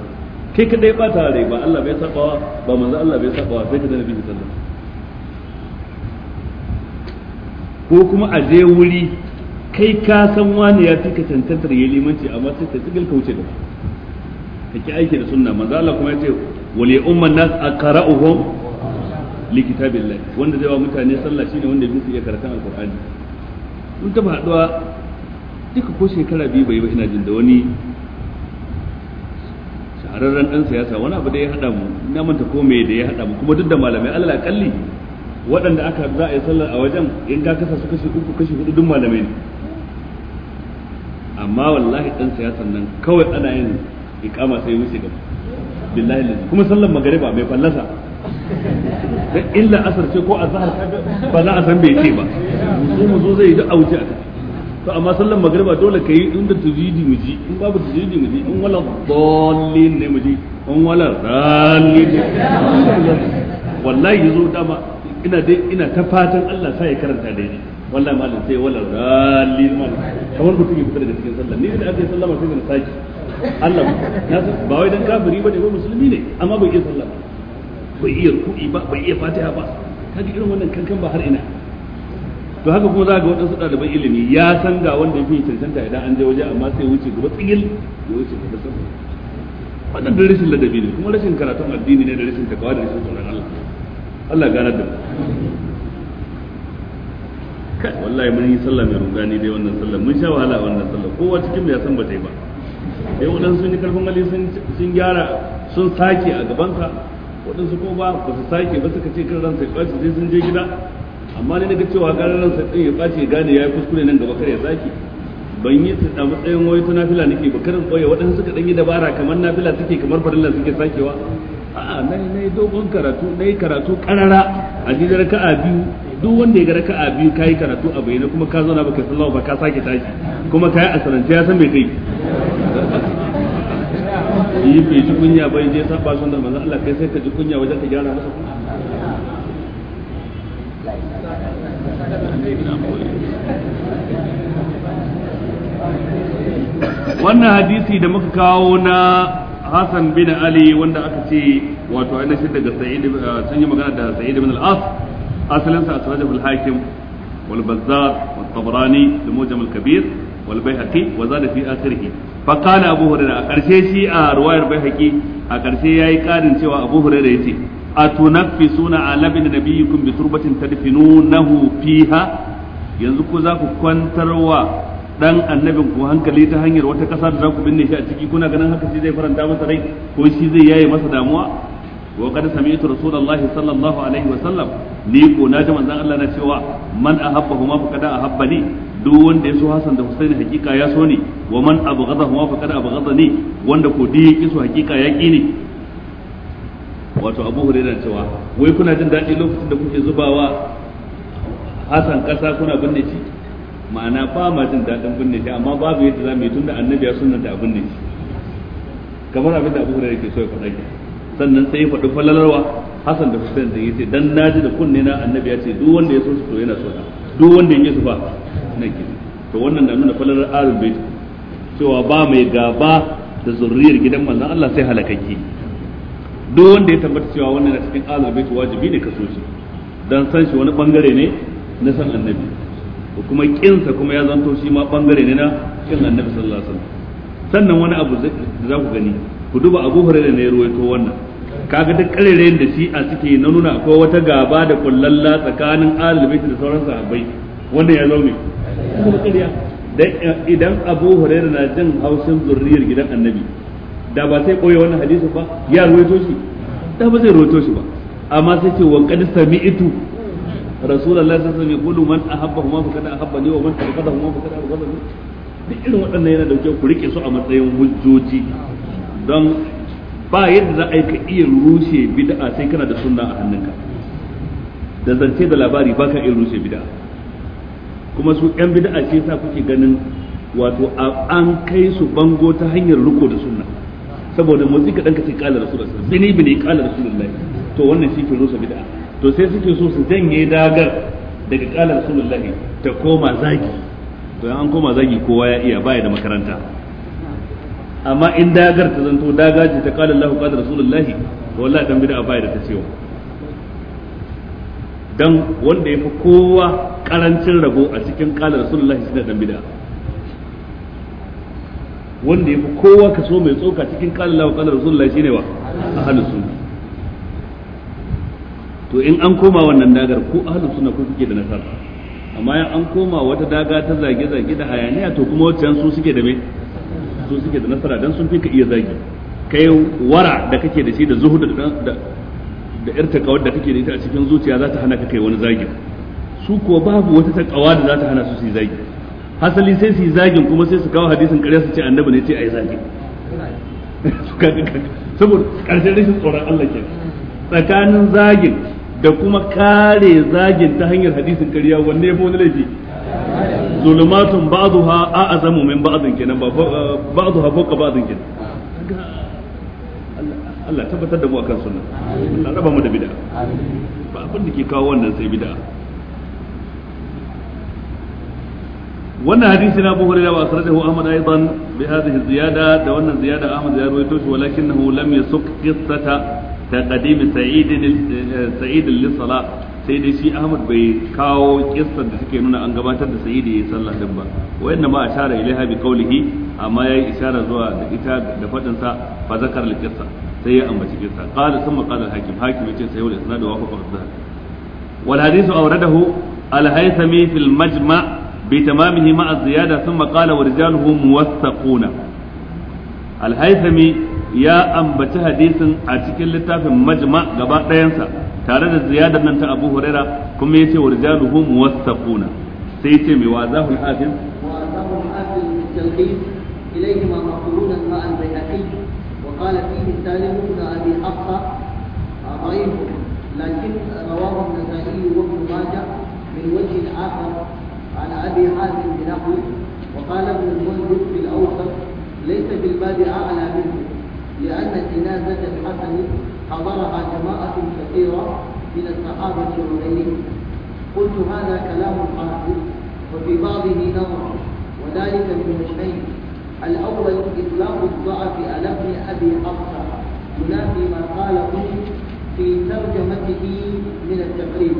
kai kadai ba ta rai ba Allah bai saba ba manzo Allah bai saba sai ka dana bihi sallah ko kuma a je wuri kai ka san wani ya fi ka tantantar ya limanci amma sai ka tsigal ka wuce da ka ki aiki da sunna manzo Allah kuma ya ce wali umman nas aqra'uhum li kitabillah wanda zai wa mutane sallah shine wanda bi su iya karatun alqur'ani mun ta haduwa duka ko shekara biyu bai ba ina jin da wani shahararren dan siyasa wani abu da ya hada mu ina manta ko me da ya hada mu kuma duk da malamai Allah kalli waɗanda aka za a yi sallar a wajen in ka kasa su kashi uku kashi hudu duk malamai ne amma wallahi dan siyasan nan kawai ana yin ikama sai wuce gaba billahi lillahi kuma sallar magariba mai fallasa dan illa asar ce ko azhar ba za a san bai ce ba musu musu zai da auce a to amma sallar magariba dole ka yi inda tujidi mu ji in babu tujidi mu ji in wala dallin ne mu ji in wala dallin wallahi yazo dama ina dai ina ta fatan Allah sai ya karanta ni wallahi malam sai wala rali malam kamar mutum ya fita daga cikin sallah ni da aka yi sallama sai na saki Allah na san ba wai dan kafiri bane ko musulmi ne amma bai iya sallah bai iya ruku'i ba bai iya fatiha ba kaga irin wannan kankan ba har ina to haka kuma za ga waɗansu ɗaliban ilimi ya san ga wanda ya fi cancanta idan an je waje amma sai wuce gaba tsigil ya wuce gaba saboda wannan da rashin ladabi ne kuma rashin karatun addini ne da rashin takawa da rashin tsoron Allah Allah ganar da kai wallahi mun yi sallah mai rungani dai wannan sallah mun sha wahala a wannan sallah kowa cikin ya san ba ta yi ba sai wadansu sun yi karfin hali sun gyara sun sake a gabanka waɗansu ko ba ba su sake ba suka ce kan ransa ya ɓaci sai sun je gida amma ni naga cewa ganin ransa ɗin ya ɓaci ya gane ya yi kuskure nan gaba kar ya sake ban yi da matsayin wayo ta nafila nake ba karin ɓoye waɗansu suka ɗan yi dabara kamar nafila suke kamar farilla suke sakewa a'a na yi dogon karatu na yi karatu karara a jini raka'a biyu duk wanda ya ga raka'a biyu kayi karatu a bayyana kuma ka zauna baka sallah ba ka sake tashi kuma kayi asarance ya san me kai yi bai ji kunya bai je saba sunnar manzon Allah kai sai ka ji kunya wajen ka gyara masa wannan hadisi da muka kawo na Hassan bin Ali wanda aka ce wato ainihin daga Sa'id uh, sun yi magana da Sa'id bin al-As asalin sa asrajul al-Hakim wal Bazzar wal Tabrani da Mujam al-Kabir wal Baihaqi wa zada fi akhirih fa kana Abu Hurairah a karshe shi a ruwayar Baihaqi a karshe yayi karin cewa Abu Hurairah yace atunafisuna ala bin nabiyikum bi turbatin tadfinunahu fiha yanzu ko za ku wa? dan annabin ku hankali ta hanyar wata kasa da za ku binne shi a ciki kuna ganin haka shi zai faranta masa rai ko shi zai yaye masa damuwa wa qad sami'tu rasulullahi sallallahu alaihi wa sallam ni ko na ji manzon Allah na cewa man ahabbahuma faqad ahabbani duk wanda ya so Hassan da Husaini hakika ya so ni wa man abghadahuma faqad abghadani wanda ko dai yake so hakika ya ki ni wato Abu Hurairah cewa wai kuna jin daɗi lokacin da kuke zubawa Hassan kasa kuna binne shi ma'ana ba ma jin daɗin binne shi amma babu yadda za mu yi da annabi ya sunanta a binne shi kamar abin da Abu Hurairah ke so ya faɗa ki sannan sai ya faɗi falalarwa Hassan da Hussein da yace dan naji da kunne na annabi ya ce duk wanda ya so su to yana so da duk wanda ya su ba na ki to wannan na nuna falalar Ahlul Bait cewa ba mai gaba da zurriyar gidan manzon Allah sai halakakki duk wanda ya tabbata cewa wannan na cikin Ahlul Bait wajibi ne ka so shi dan san shi wani bangare ne na san annabi ko kuma kinsa kuma ya zanto shi ma bangare ne na kin annabi sallallahu alaihi wasallam sannan wani abu za ku gani ku duba abu hurairah ne ya ruwaito wannan kaga duk karerayen da shi a suke na nuna akwai wata gaba da kullalla tsakanin ahlul bait da sauran sahabbai wannan ya zaume kuma kariya eh, idan abu hurairah na jin haushin zurriyar gidan annabi da ba sai koyi wannan hadisi ba ya ruwaito shi da ba zai ruwaito shi ba amma sai ce wa qad sami'tu رسول الله صلى الله عليه وسلم يقول من أحبهما فقد أحبني ومن أبغضهما فقد أبغضني duk irin waɗannan yana da kyau ku rike su a matsayin hujjoji don ba yadda za a yi ka iya rushe bid'a sai kana da sunna a hannunka da zance da labari ba ka iya rushe bid'a kuma su yan bid'a ce sa kuke ganin wato an kai su bango ta hanyar riko da sunna saboda motsi kaɗan ka ce kala rasulullah bini bini kala rasulullah to wannan shi ke rusa bid'a to sai suke so su janye dagar daga kalar sulullahi ta koma zagi to an koma zagi kowa ya iya baya da makaranta amma in dagar ta zanto daga ce ta kalar lahu kalar rasulullahi to wallahi dan bid'a baya da ta cewa dan wanda yafi kowa karancin rabo a cikin kalar rasulullahi suna dan bid'a wanda yafi kowa kaso mai tsoka cikin kalar lahu kalar rasulullahi shine wa ahlus sunna to in an koma wannan dagar ko ahlus sunna ko kuke da nasara amma in an koma wata daga ta zage zage da hayaniya to kuma wancan su suke da me su suke da nasara dan sun fi ka iya zagi kai wara da kake da shi da zuhud da da irta kawar da kake da ita a cikin zuciya za ta hana ka kai wani zagi su kuwa babu wata takawa da za ta hana su su yi zagi hasali sai su yi zagin kuma sai su kawo hadisin ƙarya su ce annabi ne ce a yi zagi [LAUGHS] saboda ƙarshen rashin tsoron Allah ke tsakanin zagin da kuma kare zagin ta hanyar hadisin ƙarya wanne ya fi wani laifi zulumatun ba'dha a'zamu min ba'dhin kenan ba ba'dha fawqa ba'dhin kenan Allah tabbatar da mu akan sunna Allah raba mu da bid'a ba abin da ke kawo wannan sai bid'a wannan hadisi na Abu Hurairah wa akhrajahu Ahmad aizan bi hadhihi ziyada da wannan ziyada Ahmad ya rawaito shi walakinahu lam yasuq qissata taqdim sa'id sa'id lis-salah sai dai shi Ahmad bai kawo kissar da take nuna an gabatar da Sa'id yayin sallah din ba wayanna ma ashara ilaiha bi qawlihi amma yayi ishara zuwa da ita da fa zakar sai ya ambaci qala qala hakim hakim yace sai wa wal hadithu awradahu al-haythami ya ambaci hadisin a cikin littafin majma gaba ɗayansa tare da ziyadar nan ta abu huraira kuma ya ce wa rijaluhu muwassaquna sai ce mai wazahul hafiz wazahul hafiz talqis ilayhi ma maqulun ma al bayhaqi wa qala fihi salim ibn abi hafsa ضعيف لكن رواه النسائي وابن ماجه من وجه اخر عن ابي حازم بنحوه وقال ابن المنذر في الاوسط ليس بالباب اعلى منه لأن جنازة الحسن حضرها جماعة كثيرة من الصحابة وغيرهم قلت هذا كلام قاسي وفي بعضه نظر وذلك من وجهين الأول إطلاق الضعف على ابن أبي حفصة ينافي ما قاله في ترجمته من التقريب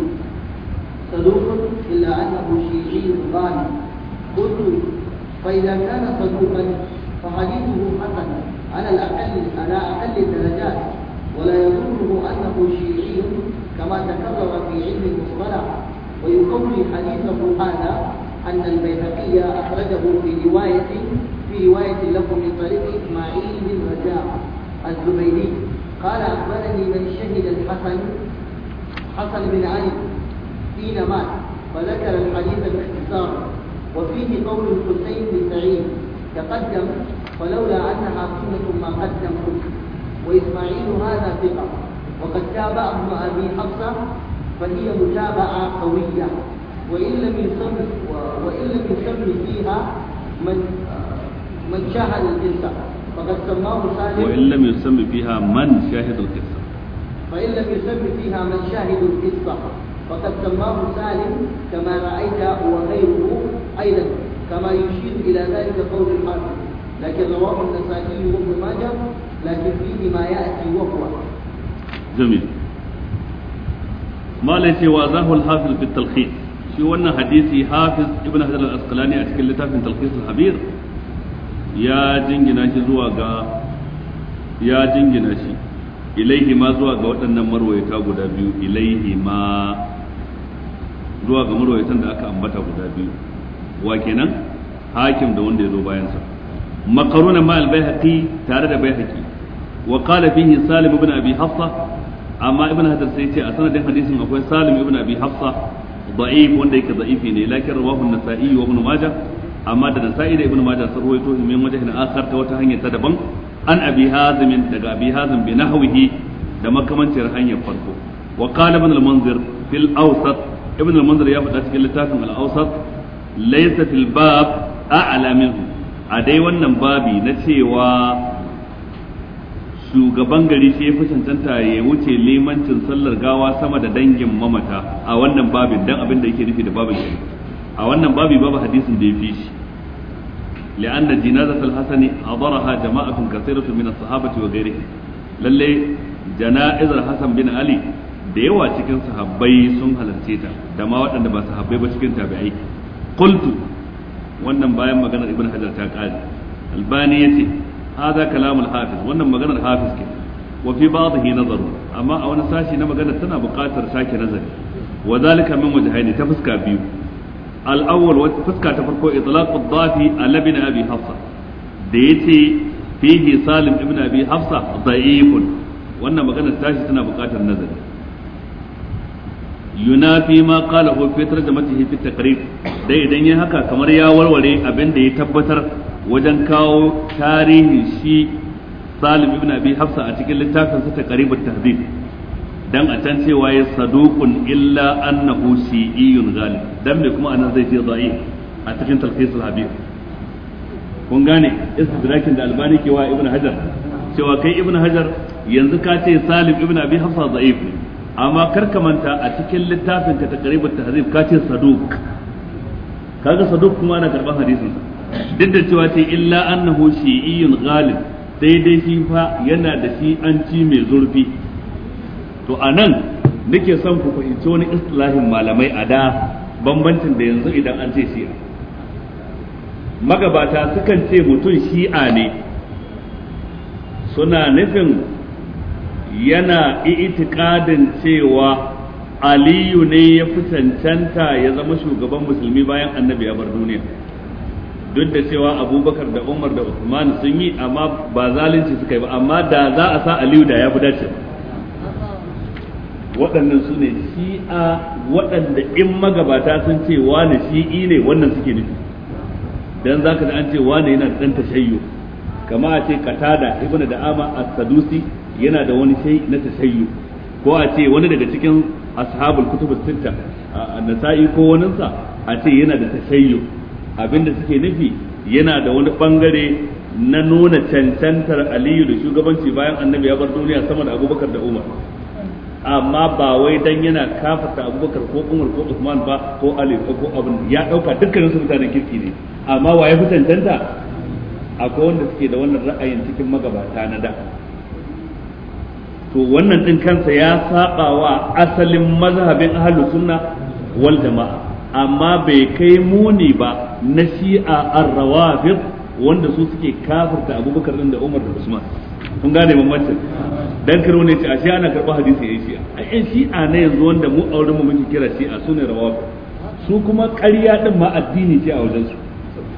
صدوق إلا أنه شيعي غالي قلت فإذا كان صدوقا فحديثه حسن على الأقل على أقل الدرجات ولا يظنه أنه شيعي كما تكرر في علم المصطلح ويقوي حديثه هذا أن البيهقي أخرجه في رواية في رواية له من طريق إسماعيل بن رجاء الزبيدي قال أخبرني من شهد الحسن حسن بن علي حين مات فذكر الحديث باختصار وفيه قول الحسين بن سعيد تقدم ولولا أنها سنة ما قدمتم وإسماعيل هذا ثقة وقد تابعه أبي حفصة فهي متابعة قوية وإن لم يسم وإن لم يسم فيها من من شاهد القصة فقد سماه سالم وإن لم يسم فيها من شاهد القصة فإن لم يسم فيها من شاهد القصة فقد سماه سالم كما رأيت وغيره أيضا كما يشير إلى ذلك قول الحافظ لكن رواه النسائي وابن ماجه لكن فيه ما ياتي وهو جميل ما ليس وازاه الحافظ في التلخيص shi wannan hadisi hafiz ibn hajar al-asqalani a cikin littafin talqis al-habir ya jingina shi zuwa ga ya jingina shi ilaihi ma zuwa ga waɗannan marwayata guda biyu ilaihi ma zuwa ga marwayatan da aka ambata guda biyu wa kenan hakim da wanda ya zo bayansa maqaruna ma al-baihaqi tare da baihaqi wa qala fihi salim ibn abi hafsa amma ibn hadar sai ce a sanadin hadisin akwai salim ibn abi hafsa da'if wanda yake da'ifi ne lakin rawahu an-nasa'i wa ibn majah amma da nasa'i da ibn majah sun ruwaito shi min wajhin akhar ta wata hanya daban an abi hazim daga abi hazim bi nahwihi da makamancin hanyar farko wa qala ibn fil ya faɗa cikin littafin al-awsat laysa fil a dai wannan babi na cewa shugaban gari shi ya fi cancanta ya wuce limancin sallar gawa sama da dangin mamata a wannan babin dan abin da yake nufi da babin gari a wannan babi babu hadisin da ya fi shi da لأن جنازة الحسن حضرها جماعة كثيرة wa الصحابة وغيرهم للي Jana'izar Hassan bin Ali, da yawa cikin sahabbai sun halarce ta da ma waɗanda ba sahabbai ba cikin tabi'ai qultu wannan bayan maganar ibn hajar ta kare albani yace hadha kalamul hafiz wannan maganar hafiz ke wa fi nazaru amma a wani sashi na maganar tana buƙatar sake nazari wa zalika min wajhaini ta fuska biyu al-awwal wa fuska ta farko itlaq ad-dafi ala ibn abi hafsa da yace fihi salim ibn abi hafsa da'ifun wannan maganar tashi tana buƙatar nazari yunafi ma qala hu fi tarjamatihi fi taqrib dai idan yayi haka kamar ya warware abin da ya tabbatar wajen kawo tarihin shi Salim ibn Abi Hafsa a cikin littafin sa taqribut tahdhib dan a can cewa ya saduqun illa annahu si'iyun ghalib dan me kuma anan zai ce da'if a cikin talqis al-habib kun gane istidrakin da albani ke wa ibn hajar cewa kai ibn hajar yanzu ka ce salim ibn abi hafsa da'if ne amma karka manta a cikin littafin ka taqribut tahzib ka ce saduk kaga saduk kuma ana karban hadisin duk da cewa sai illa annahu shi'iyyun ghalib sai dai shi fa yana da shi an ci mai zurfi to anan nake son ku fahimci wani istilahin malamai a da bambancin da yanzu idan an ce shi'a magabata sukan ce mutum shi'a ne suna nufin yana i'tiqadin cewa aliyu ne ya fi cancanta ya zama shugaban musulmi bayan annabi ya bar duniya duk da cewa abubakar da umar da usman sun yi amma ba zalunci suka yi ba amma da za a sa aliyu da ya fi dace waɗannan su ne shi'a waɗanda in magabata sun ce wani shi'i ne wannan suke nufi dan za ka da an ce wani yana da ɗan tashayyo kama a ce katada ibnu da'ama as-sadusi yana da wani shay na tasayyu ko a ce wani daga cikin ashabul kutubus sitta nasa'i ko waninsa a ce yana da tasayyu abinda suke nufi yana da wani bangare na nuna cancantar aliyu da shugabanci bayan annabi ya bar duniya sama da abubakar da umar amma ba wai dan yana kafata abubakar ko umar ko usman ba ko ali ko ko abin ya dauka dukkanin su mutanen kirki ne amma wa ya cancanta akwai wanda suke da wannan ra'ayin cikin magabata na da to wannan din kansa ya saba wa asalin mazhabin ahlus sunna wal jama'a amma bai kai muni ba na shi'a ar-rawafid wanda su suke kafirta abubakar din da umar da usman kun gane bambancin dan karo ne ce a shi'a na karɓa hadisi ya shi'a a shi'a na yanzu wanda mu auren mu muke kira shi'a su ne rawafid su kuma ƙarya din ma addini ce a wajen su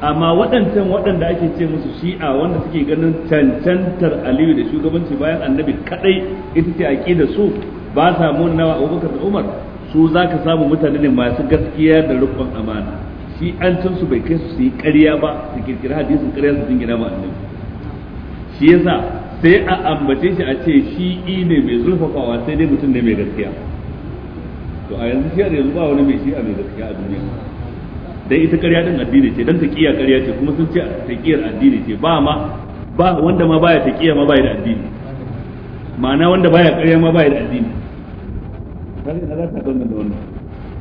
amma waɗancan waɗanda ake ce musu shi'a wanda suke ganin cancantar aliyu da shugabanci bayan annabi kadai ita ce da su ba sa nawa abubakar da umar su za ka samu mutane ne masu gaskiya da rukun amana shi an can su bai kai su yi ƙarya ba su kirkiri hadisin ƙarya su jingina ba annabi shi yasa sai a ambace shi a ce shi'i ne mai zurfafawa sai dai mutum ne mai gaskiya to a yanzu shi'a yanzu ba wani mai shi'a mai gaskiya a duniya dan ita ƙarya din addini ce dan taqiya ƙarya ce kuma sun ce taqiyar addini ce ba ma ba wanda ma baya taqiya ma baya da addini ma'ana wanda baya ƙarya ma baya da addini kaga da zaka dangana da wannan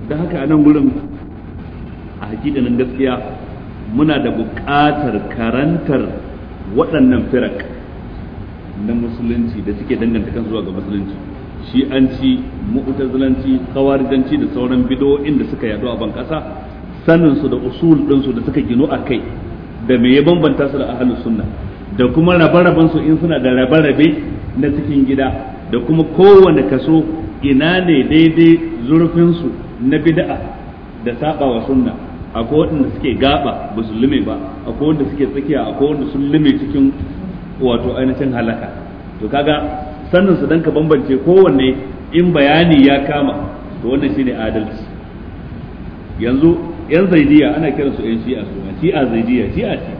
dan haka a nan gurin a hakikanin gaskiya muna da buƙatar karantar waɗannan firak na musulunci da suke danganta kan zuwa ga musulunci shi'anci mu'tazilanci kawarijanci da sauran bidowo inda suka yaɗu a bankasa ƙasa sanin su da usul din su da suka gino a kai da me ya bambanta su da ahlus sunna da kuma rabe su in suna da rabarabe na cikin gida da kuma kowane kaso ina ne daidai zurfin su na bid'a da saba wa sunna akwai wanda suke gaba ba ba akwai wanda suke tsakiya akwai wanda sun lume cikin wato ainihin halaka to kaga sanin su dan ka bambance kowanne in bayani ya kama to wannan shine adalci yanzu yan zaidiya ana kiran su yan shi'a su shi'a zaidiya shi'a ce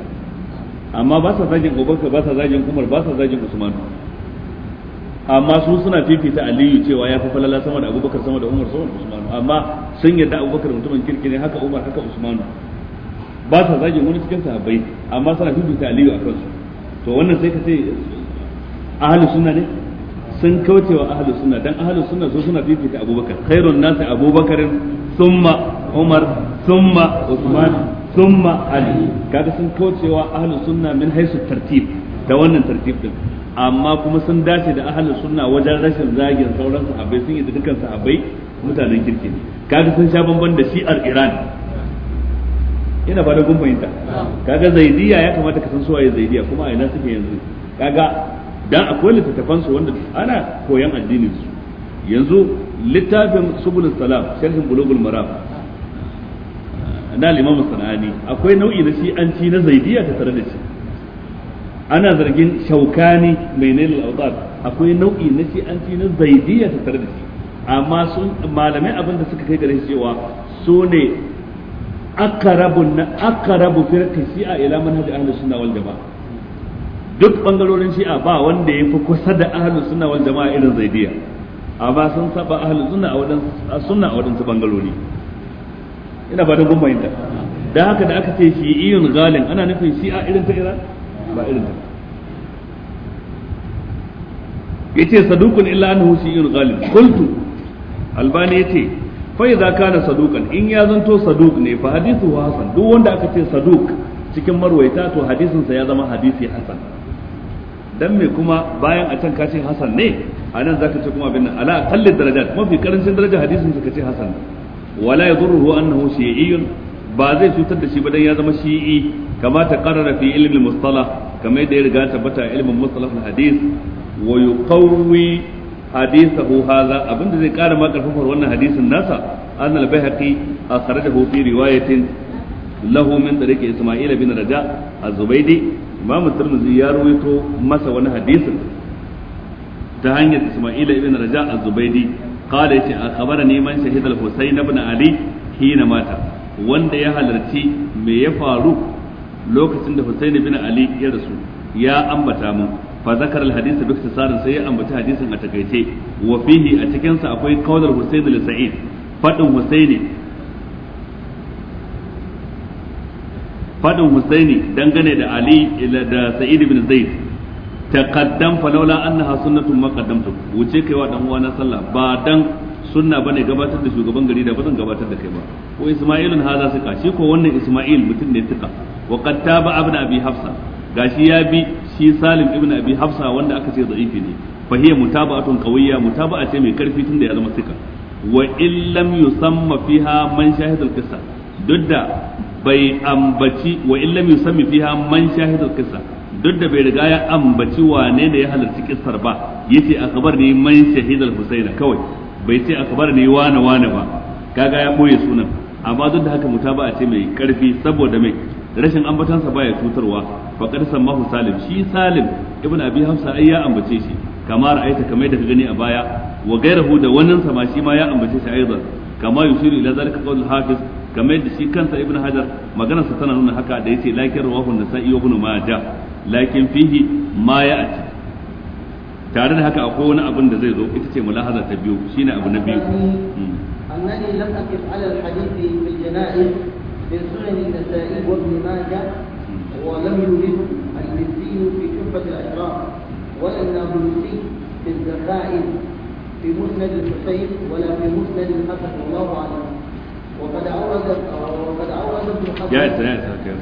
amma ba sa zagin Abubakar ba sa zagin Umar ba sa zagin Usman amma su suna fifita Aliyu cewa ya fi falala sama da Abubakar sama da Umar sama da Usman amma sun yadda Abubakar mutumin kirki ne haka Umar haka Usman ba sa zagin wani cikin sahabbai amma suna fifita Aliyu a kansu to wannan sai ka ce ahlus sunna ne sun kaucewa ahlus sunna dan ahlus sunna su suna fifita Abubakar khairun nasi Abubakarin summa umar summa usman summa ali kaga sun kaucewa ahlus sunna min haisu tartib da wannan tartib amma kuma sun dace da ahlus sunna wajen rashin zagin sauran sahabbai sun yi dukkan sahabbai mutanen kirki ne kaga sun sha da shi'ar iran ina fata kun fahimta kaga zaidiya ya kamata ka san suwaye zaidiya kuma a ina suke yanzu kaga dan akwai littattafan su wanda ana koyan addinin su yanzu littafin subul salam sharhin bulugul maram na limamu sana'ani akwai nau'i na shi an ci na zaidiya ta tare da shi ana zargin shaukani mai nailul awdad akwai nau'i na shi an ci na zaidiya ta tare da shi amma sun malamai abin da suka kai gare shi cewa su ne aqrabu na aqrabu firqi shi'a ila manhaj ahlus sunna wal jamaa duk bangarorin shi'a ba wanda yafi kusa da ahlus sunna wal jamaa irin zaidiya amma sun saba ahlus sunna a wadan sunna a wadan bangalori ina fatan kun fahimta dan haka da aka ce shi'iyun galin ana nufin shi'a irin ta Iran ba irin ta yace saduqun illa annahu shi'iyun galin qultu albani yace fa idza kana saduqan in ya zanto saduq ne fa hadithu hasan duk wanda aka ce saduq cikin marwaita to hadisin sa ya zama hadisi hasan dan me kuma bayan a can ka ce hasan ne a nan zaka ce kuma abin nan ala kallin darajat mafi karancin daraja hadisin suka ce hasan wala yadurruhu annahu shi'iyyun ba zai cutar da shi ba dan ya zama shi'i kamata ta qarrara fi ilmi mustalah kamar da ya riga tabbata ilmin mustalah hadis wa yuqawwi hadithahu hadha abinda zai kara ma karfafar wannan hadisin nasa an al-bayhaqi akhrajahu fi riwayatin lahomin min tariqi isma'il bin raja a zubaydi imamu tirmidhi ya ruwaito masa wani hadisin ta hanyar Isma'il ibn Raja az-Zubaydi qala yace ni man shahid al-Husayn ibn Ali hina mata wanda ya halarci me ya faru lokacin da Husayn ibn Ali ya rasu ya ambata mu fa zakar al-hadith bi ikhtisarin sai ya ambaci hadisin a takaice wa fihi a cikin sa akwai qawlar Husayn al Sa'id fadin Husayn faɗin husaini dangane da ali da sa'id ibn zaid taqaddam falawla annaha sunnatun ma wuce kai wa dan uwana sallah ba dan sunna bane gabatar da shugaban gari da bazan gabatar da kai ba ko isma'ilun haza suka shi ko wannan isma'il mutum ne suka wa qad ibn abi hafsa gashi ya bi shi salim ibn abi hafsa wanda aka ce da'ifi ne fa hiya mutaba'atun qawiyya mutaba'a ce mai karfi tunda ya zama suka wa in lam yusamma fiha man shahidul qissa duk da bai ambaci wa illam sami fiha man shahidul qissa duk da bai riga ya ambaci wane ne ya halarci kissar ba yace akbar ne man shahidul husaina kawai bai ce akbar ne wane wane ba kaga ya boye sunan amma duk da haka ba a ce mai karfi saboda mai rashin ambatansa baya cutarwa faqad sammahu salim shi salim ibn abi hafsa ai ya ambace shi kama ra'aita kamar da ka gani a baya wa gairahu da wannan sama shi ma ya ambace shi aidan kama yusiru ila zalika qawl hafiz kamar yadda shi kansa ibn hajar maganar sa tana nuna haka da yace lakin rawahu nasa'i wa ibn majah lakin fihi ma ya'ti tare da haka akwai wani abin da zai zo ita ce mulahaza ta biyu shine abu na biyu annani lam aqif ala al-hadith bil janaiz bi sunan nasai wa ibn majah wa lam yurid al-mizzi fi tuhfat al-asrar wala an-nabusi fi al في مسند الحسين ولا في مسند الحسن والله اعلم ya isa ya isa kai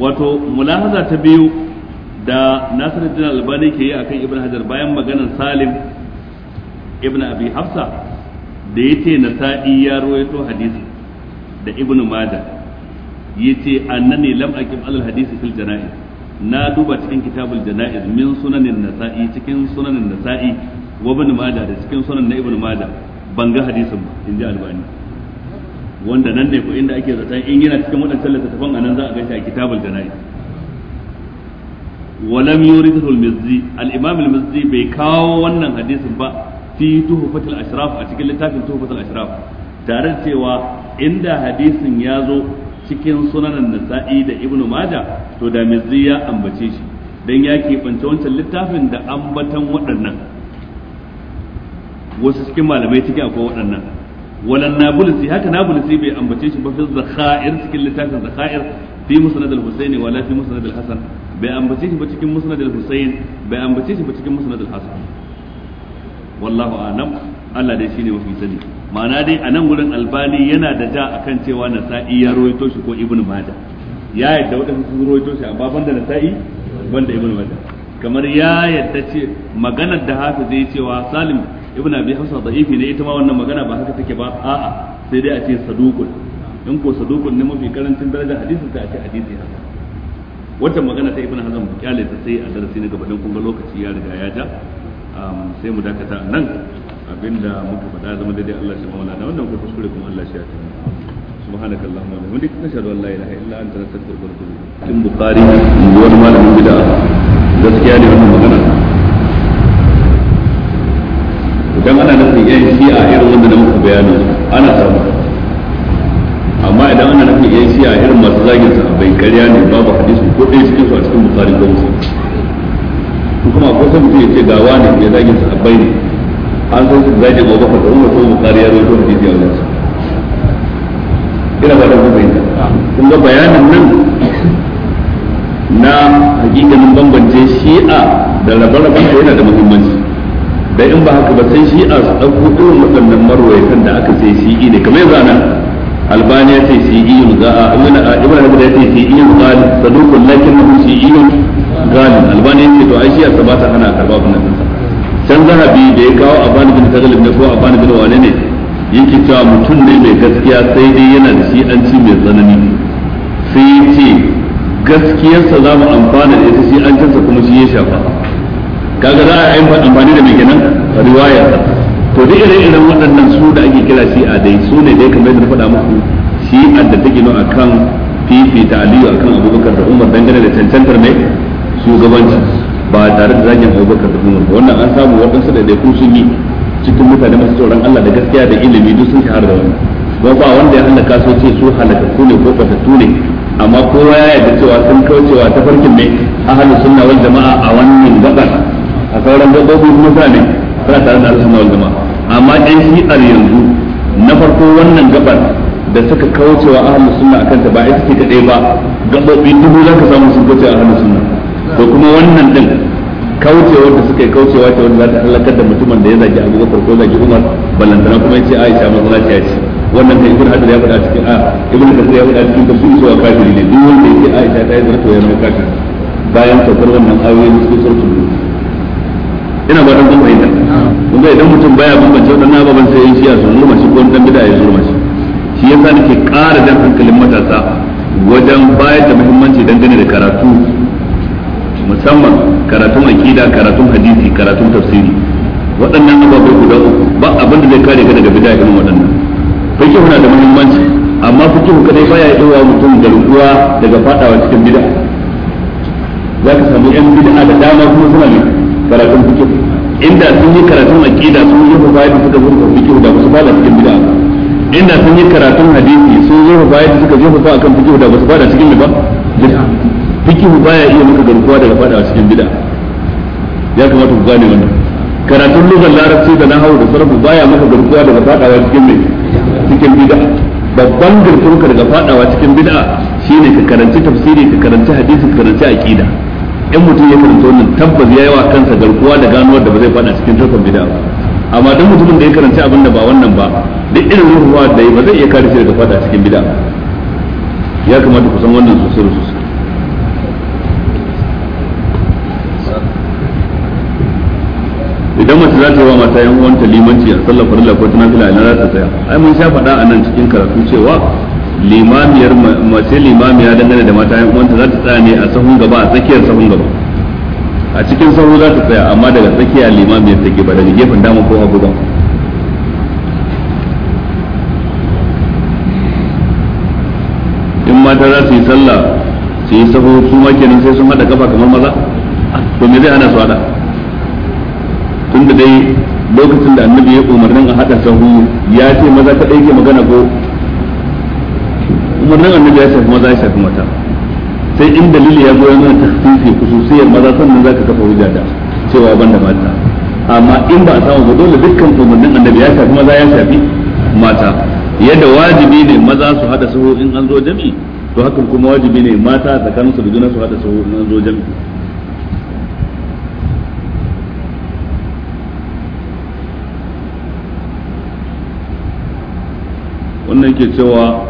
wato mulahaza ta biyu da Nasiruddin Albani ke yi akan Ibn Hajar bayan maganar Salim Ibn Abi Hafsa da yace Nasa'i ya rawaito hadisi da Ibn ya ce annani lam aqim alal hadisi fil janaiz na duba cikin kitabul janaiz min sunanin Nasa'i cikin sunanin Nasa'i wa Ibn Majah da cikin sunan na Ibn Majah ban ga hadisin ba in ji Albani wanda nan ne ko inda ake zaton in yana cikin waɗancan littattafan nan za a gaishe a kitabul jana'iz walam yuridhu mizzi al-imam al-mizzi bai kawo wannan hadisin ba fi tuhfatul ashraf a cikin littafin tuhfatul ashraf tare da cewa inda hadisin ya zo cikin sunanan nasa'i da ibnu maja to da mizzi ya ambace shi dan ya keɓance wancan littafin da ambatan waɗannan wasu cikin malamai cikin akwai waɗannan wala nabulsi haka nabulsi bai ambace shi ba fi zakhair cikin littafin zakhair fi musnad al-husaini wala fi musnad al-hasan bai ambace shi ba cikin musnad al-husain bai ambace shi ba cikin wallahu Allah dai shine mafi sani ma'ana dai a nan wurin albani yana da ja akan cewa nasa'i ya rawaito shi ko ibnu majah ya yadda wadansu sun rawaito shi amma banda nasa'i banda ibnu majah kamar ya yadda ce maganar da hafi zai cewa salim ibn abi hafsa da'ifi ne ita ma wannan magana ba haka take ba a'a sai dai a ce saduqun in ko saduqun ne mafi karancin darajar hadisi sai a ce hadisi haka wata magana ta ibn hazm kyale ta sai a darasi ne gaba dan kun ga lokaci ya riga ya ja sai mu dakata nan abinda muka faɗa zama daidai Allah shi mawala da wannan ko kuskure kuma Allah shi ya tabbata سبحانك اللهم وبحمدك نشهد ان لا اله الا انت نستغفرك ونتوب اليك. البخاري wani malamin bid'a gaskiya ne wannan yan a irin wanda na muku bayanin ana samu amma idan ana nufin yan a irin masu zagin sahabbai karya ne babu hadisi ko ɗaya cikin su a cikin bukari ko musu kuma ko sai mutum ya ce ga wani ya zagin sahabbai ne an san su zagin ba baka da umar ko bukari ya rawaito hadisi a wajen ina ba da kuma yin kun ga bayanin nan na hakikanin bambance shi'a da rabe-raben yana da muhimmanci da in ba haka ba sai shi a su ɗauko irin waɗannan marwayatan da aka sai shi ne kamar yanzu anan albani ya ce shi iyun za'a ibn ibn hajar ya ce shi iyun zalim saduqul lakin na shi iyun zalim albani ya ce to ai shi a sabata hana karba abin nan can zahabi da ya kawo abani bin tagalib ne ko abani bin wane ne yake cewa mutum ne mai gaskiya sai dai yana da shi an ci mai tsanani sai ya ce gaskiyarsa za mu amfana da ita shi an kuma shi ya shafa kaga za a yi amfani da mai kenan riwayar to duk irin irin waɗannan su da ake kira shi a dai su ne dai kamar yadda na faɗa muku shi a da take no akan ta aliyu akan abubakar da umar dangane da cancantar mai shugabanci ba tare da zagin abubakar da umar ba wannan an samu waɗansu da daikun sun yi cikin mutane masu tsoron Allah da gaskiya da ilimi duk sun shahara da wani don ba wanda ya halaka so ce su halakatu ne ko fatattu ne amma kowa ya yarda cewa sun kaucewa ta farkin mai ahlus sunna wal jama'a a wannan gabar a sauran dabbobi kuma suna ne suna tare da alhamma wal jama'a amma ɗan shi'ar yanzu na farko wannan gabar da suka kaucewa ahlus suna a ta ba ita ce kaɗai ba gabobi dubu ka samu sun kauce ahlus suna to kuma wannan ɗin kaucewa da suka yi kaucewa ta wanda za ta halakar da mutumin da ya zagi bakar ko zagi umar ballantana kuma ya ce aisha mazala ce ya ce wannan da ibn hajar ya faɗa cikin a ibn kasir ya faɗa cikin tafsiri cewa kafiri ne duk wanda ya ce aisha ta yi zarto ya zama kafiri bayan saukar wannan ayoyin cikin surtul ina ba dan kun fahimta ga idan mutum baya bambance na baban sai yin shiya su zurma shi ko dan bid'a ya zurma shi shi yasa nake ƙara dan hankalin matasa wajen bayar da muhimmanci dangane da karatu musamman karatun aqida karatun hadisi karatun tafsiri waɗannan ababai guda uku ba abin da zai kare ka daga bid'a irin waɗannan fiqh na da muhimmanci amma fiqh kadai baya yi wa mutum garkuwa daga fadawa cikin bid'a za ka samu yan bid'a da dama kuma suna ne karatun fikir inda sun yi karatun aqida sun yi fawaid suka zo da fiqh da su bada cikin bid'a inda sun yi karatun hadisi sun yi fawaid suka zo fa akan fikir da su bada cikin bid'a fikir baya iya maka garkuwa daga fadawa cikin bid'a ya kamata ku gane wannan karatun lugar larabci da nahawu da sarfu baya maka garkuwa daga fadawa cikin mai cikin bid'a babban garkuwarka daga fadawa cikin bid'a shine ka karanci tafsiri ka karanci hadisi ka karanci aqida in mutum ya karanta wannan tabbas ya yi wa kansa garkuwa da ganuwar da ba zai fada cikin tarkon bid'a ba amma don mutumin da ya karanta abin da ba wannan ba duk irin ruhuwa da ba zai iya kare shi daga fada cikin bid'a ya kamata ku san wannan sosai da sosai idan mace za ta yi wa mata yan uwanta limanci a sallar farilla ko tunafila na za ta tsaya ai mun sha faɗa a nan cikin karatu cewa limamiyar mace limamiya dangane da mata wanda za ta tsaya ne a sahun gaba a tsakiyar sahun gaba a cikin sahu za ta tsaya amma daga tsakiya limamiyar ke ba daga gefen dama ko hagu ba in mata za su yi sallah su yi sahu su ma kenan sai sun hada kafa kamar maza to me zai hana su hada tun da dai lokacin da annabi ya umarnin a hada sahu ya ce maza kadai ke magana ko umarnin annabi ya shafi maza ya shafi mata sai in dalili ya goya mana tafifi khususiyar maza sannan zaka kafa hujja da cewa banda mata amma in ba a samu ba dole dukkan umarnin annabi ya shafi maza ya shafi mata yadda wajibi ne maza su hada sahu in an zo jami to hakan kuma wajibi ne mata tsakanin su da juna su hada sahu in an zo jami wannan ke cewa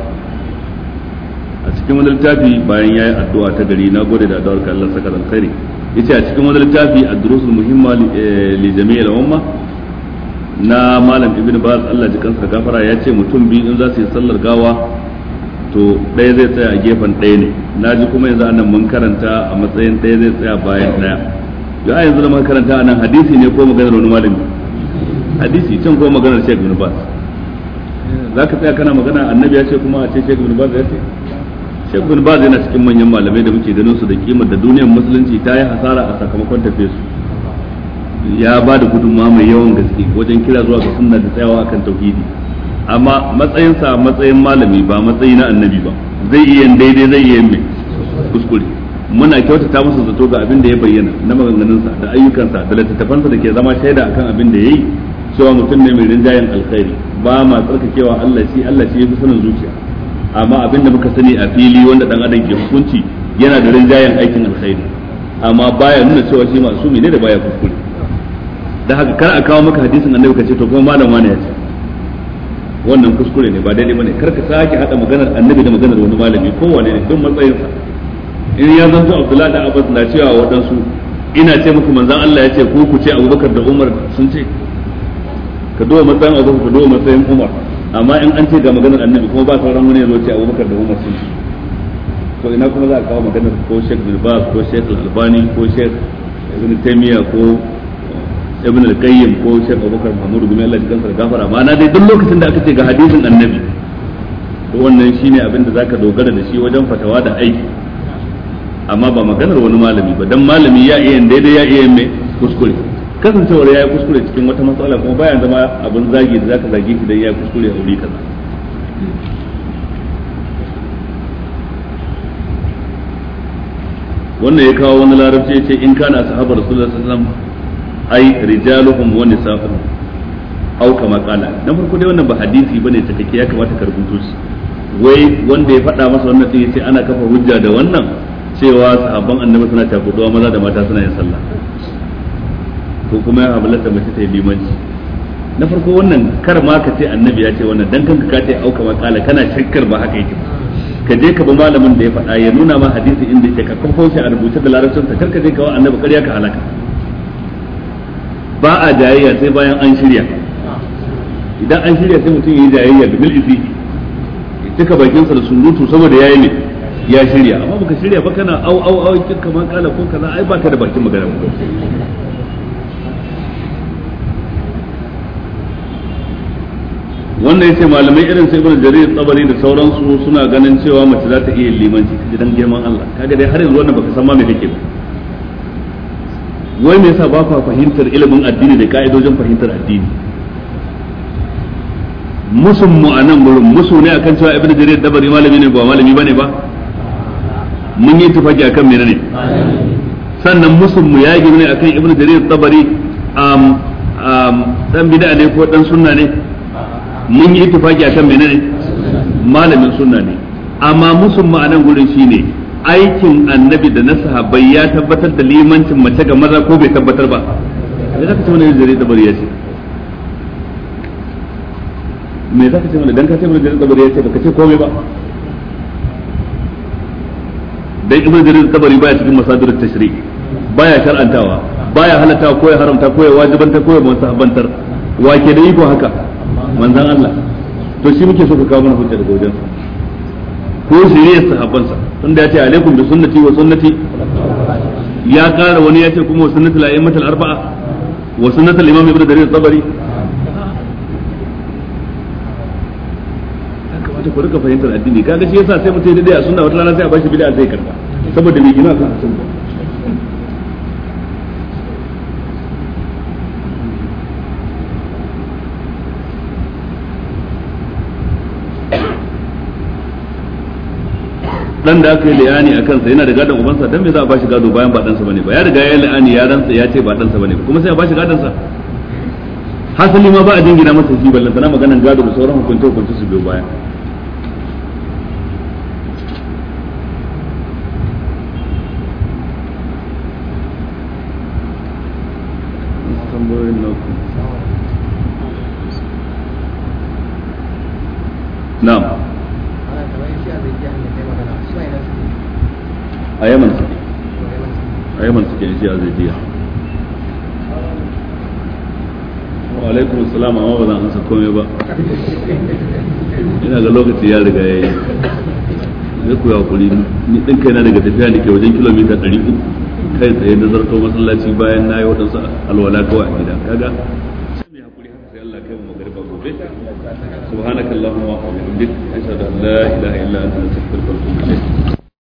cikin wani littafi bayan yayi addu'a ta gari na gode da addu'ar ka Allah saka alkhairi yace a cikin wani littafi ad-durusul muhimma li eh, jami'il umma na malam ibn baz Allah ji kansa gafara ya ce mutum biyu in za su yi sallar gawa to ɗaya zai tsaya a gefen ɗaya ne na ji kuma yanzu anan mun karanta a matsayin ɗaya zai tsaya bayan ɗaya yau a yanzu da mun karanta anan hadisi ne ko maganar wani malami hadisi can ko maganar shek ibn baz za ka tsaya kana magana annabi ya ce kuma a ce shek ibn baz ya ce Sheikh bin Baz yana cikin manyan malamai da muke ganin su da kimar da duniyar musulunci ta yi hasara a sakamakon tafe su ya ba da gudunmawa mai yawan gaske wajen kira zuwa ga sunna da tsayawa akan tauhidi amma matsayinsa matsayin malami ba matsayi na annabi ba zai iya daidai zai iya mai kuskure muna kyautata masa zato ga abin da ya bayyana na maganganunsa da ayyukansa da littattafansa da ke zama shaida akan abin da ya yi cewa mutum ne mai rinjayen alkhairi ba ma tsarkakewa Allah shi Allah shi ya sanin zuciya amma abin da muka sani a fili wanda dan adam ke hukunci yana da rinjayen aikin alkhairi amma baya nuna cewa shi masu ne da baya kuskure da haka kar a kawo maka hadisin annabi ka ce to kuma malam ne ya ce wannan kuskure ne ba daidai bane kar ka sake hada maganar annabi da maganar wani malami ko wane ne don sa in ya zanto abdullah da abbas na cewa waɗansu ina ce muku manzon Allah ya ce ko ku ce abubakar da umar sun ce ka duba matsayin abubakar ka duba matsayin umar amma in an ce ga maganar annabi kuma ba sauran wani yazo ce abubakar da umar sun to ina kuma za a kawo maganar ko sheikh bilbas ko sheikh albani ko sheikh ibn taimiyya ko ibn al-qayyim ko sheikh abubakar mahmud gumi Allah jikansa da gafara ma na dai duk lokacin da aka ce ga hadisin annabi to wannan shine abin da zaka dogara da shi wajen fatawa da aiki amma ba maganar wani malami ba dan malami ya iya daidai ya iya mai kuskure kasancewar ya yi kuskure cikin wata matsala kuma bayan zama abin zagi da zaka zage shi dan ya kuskure a wuri kaza wannan ya kawo wani larabci ya ce in kana sahabar su sallallahu alaihi wasallam ai rijaluhum wa safin. au kama kala na farko dai wannan ba hadisi bane cikakke ya kamata ka rubuto shi wai wanda ya faɗa masa wannan din sai ana kafa hujja da wannan cewa sahabban annabi suna takuduwa maza da mata suna yin sallah ko kuma ya halatta mace ta yi limanci na farko wannan kar ma ka ce annabi ya ce wannan dan kanka ka ce auka kala kana shakkar ba haka yake ka je ka bi malamin da ya faɗa ya nuna ma hadisi inda yake ka kafo shi a rubuce da larabcin ta kar ka je ka wa annabi ƙarya ka halaka ba a jayayya sai bayan an shirya idan an shirya sai mutum ya yi jayayya da bil isi ya cika bakinsa da surutu saboda yayi ne ya shirya amma baka shirya ba kana au au au kin kaman kala ko kaza ai baka da bakin magana wannan yace malamai irin sai ibn jarir tsabari da sauransu suna ganin cewa mace za ta iya limanci gidan girman Allah kaga dai har yanzu wannan baka san ma me kake ba wai me yasa ba ka fahimtar ilimin addini da ka'idojin fahimtar addini musun mu a nan gurin musu ne akan cewa ibn jarir dabari malami ne ba malami bane ba mun yi tufaki akan menene sannan musun mu ya gina ne akan ibn jarir dabari am am dan bid'a ne ko dan sunna ne mun yi kan akan ne malamin sunna ne amma musun ma'anan gurin shine aikin annabi da na sahabai ya tabbatar da limancin mace ga maza ko bai tabbatar ba me ka ce mana zare da ya ce me ka ce mana dan ka ce mana zare da ya ce Ka ce komai ba dan ibnu jarir tabari baya cikin masadirut tashri baya shar'antawa baya halatta ko ya haramta ko ya wajibanta ko ya musahabantar wa ke da iko haka manzan Allah to shi muke so ka kawo mana hujja daga wajen ko shiriyar sahabban sa tunda yace alaikum bi sunnati wa sunnati ya kara wani yace kuma wa arba'a wa al imam ibnu darir tabari kamata ku rika fahimtar addini kaga shi yasa sai mutum ya a sunna wata sai a bashi bid'a sai karba saboda gina kan sunna dan da aka yi la'ani a kansa yana da gadon ubansa dan me za a bashi gado bayan ba dansa bane ba ya riga ya la'ani ya ransa ya ce ba dansa bane ba kuma sai a bashi gadon sa hasali ma ba a jingina masa shi ballan sana maganan gado da sauran hukunta hukunta su biyo baya na'am a yaman suke a yaman suke wa alaikum amma ba zan ansa komai ba ina ga lokaci ya riga ya yi zai ku hakuri ni ɗin kai na daga tafiya da ke wajen kilomita ɗari uku kai tsaye da zarto masallaci bayan na yi waɗansu alwala kawai a gida kaga سبحانك اللهم وبحمدك أشهد أن لا إله إلا أنت نستغفرك ونتوب إليك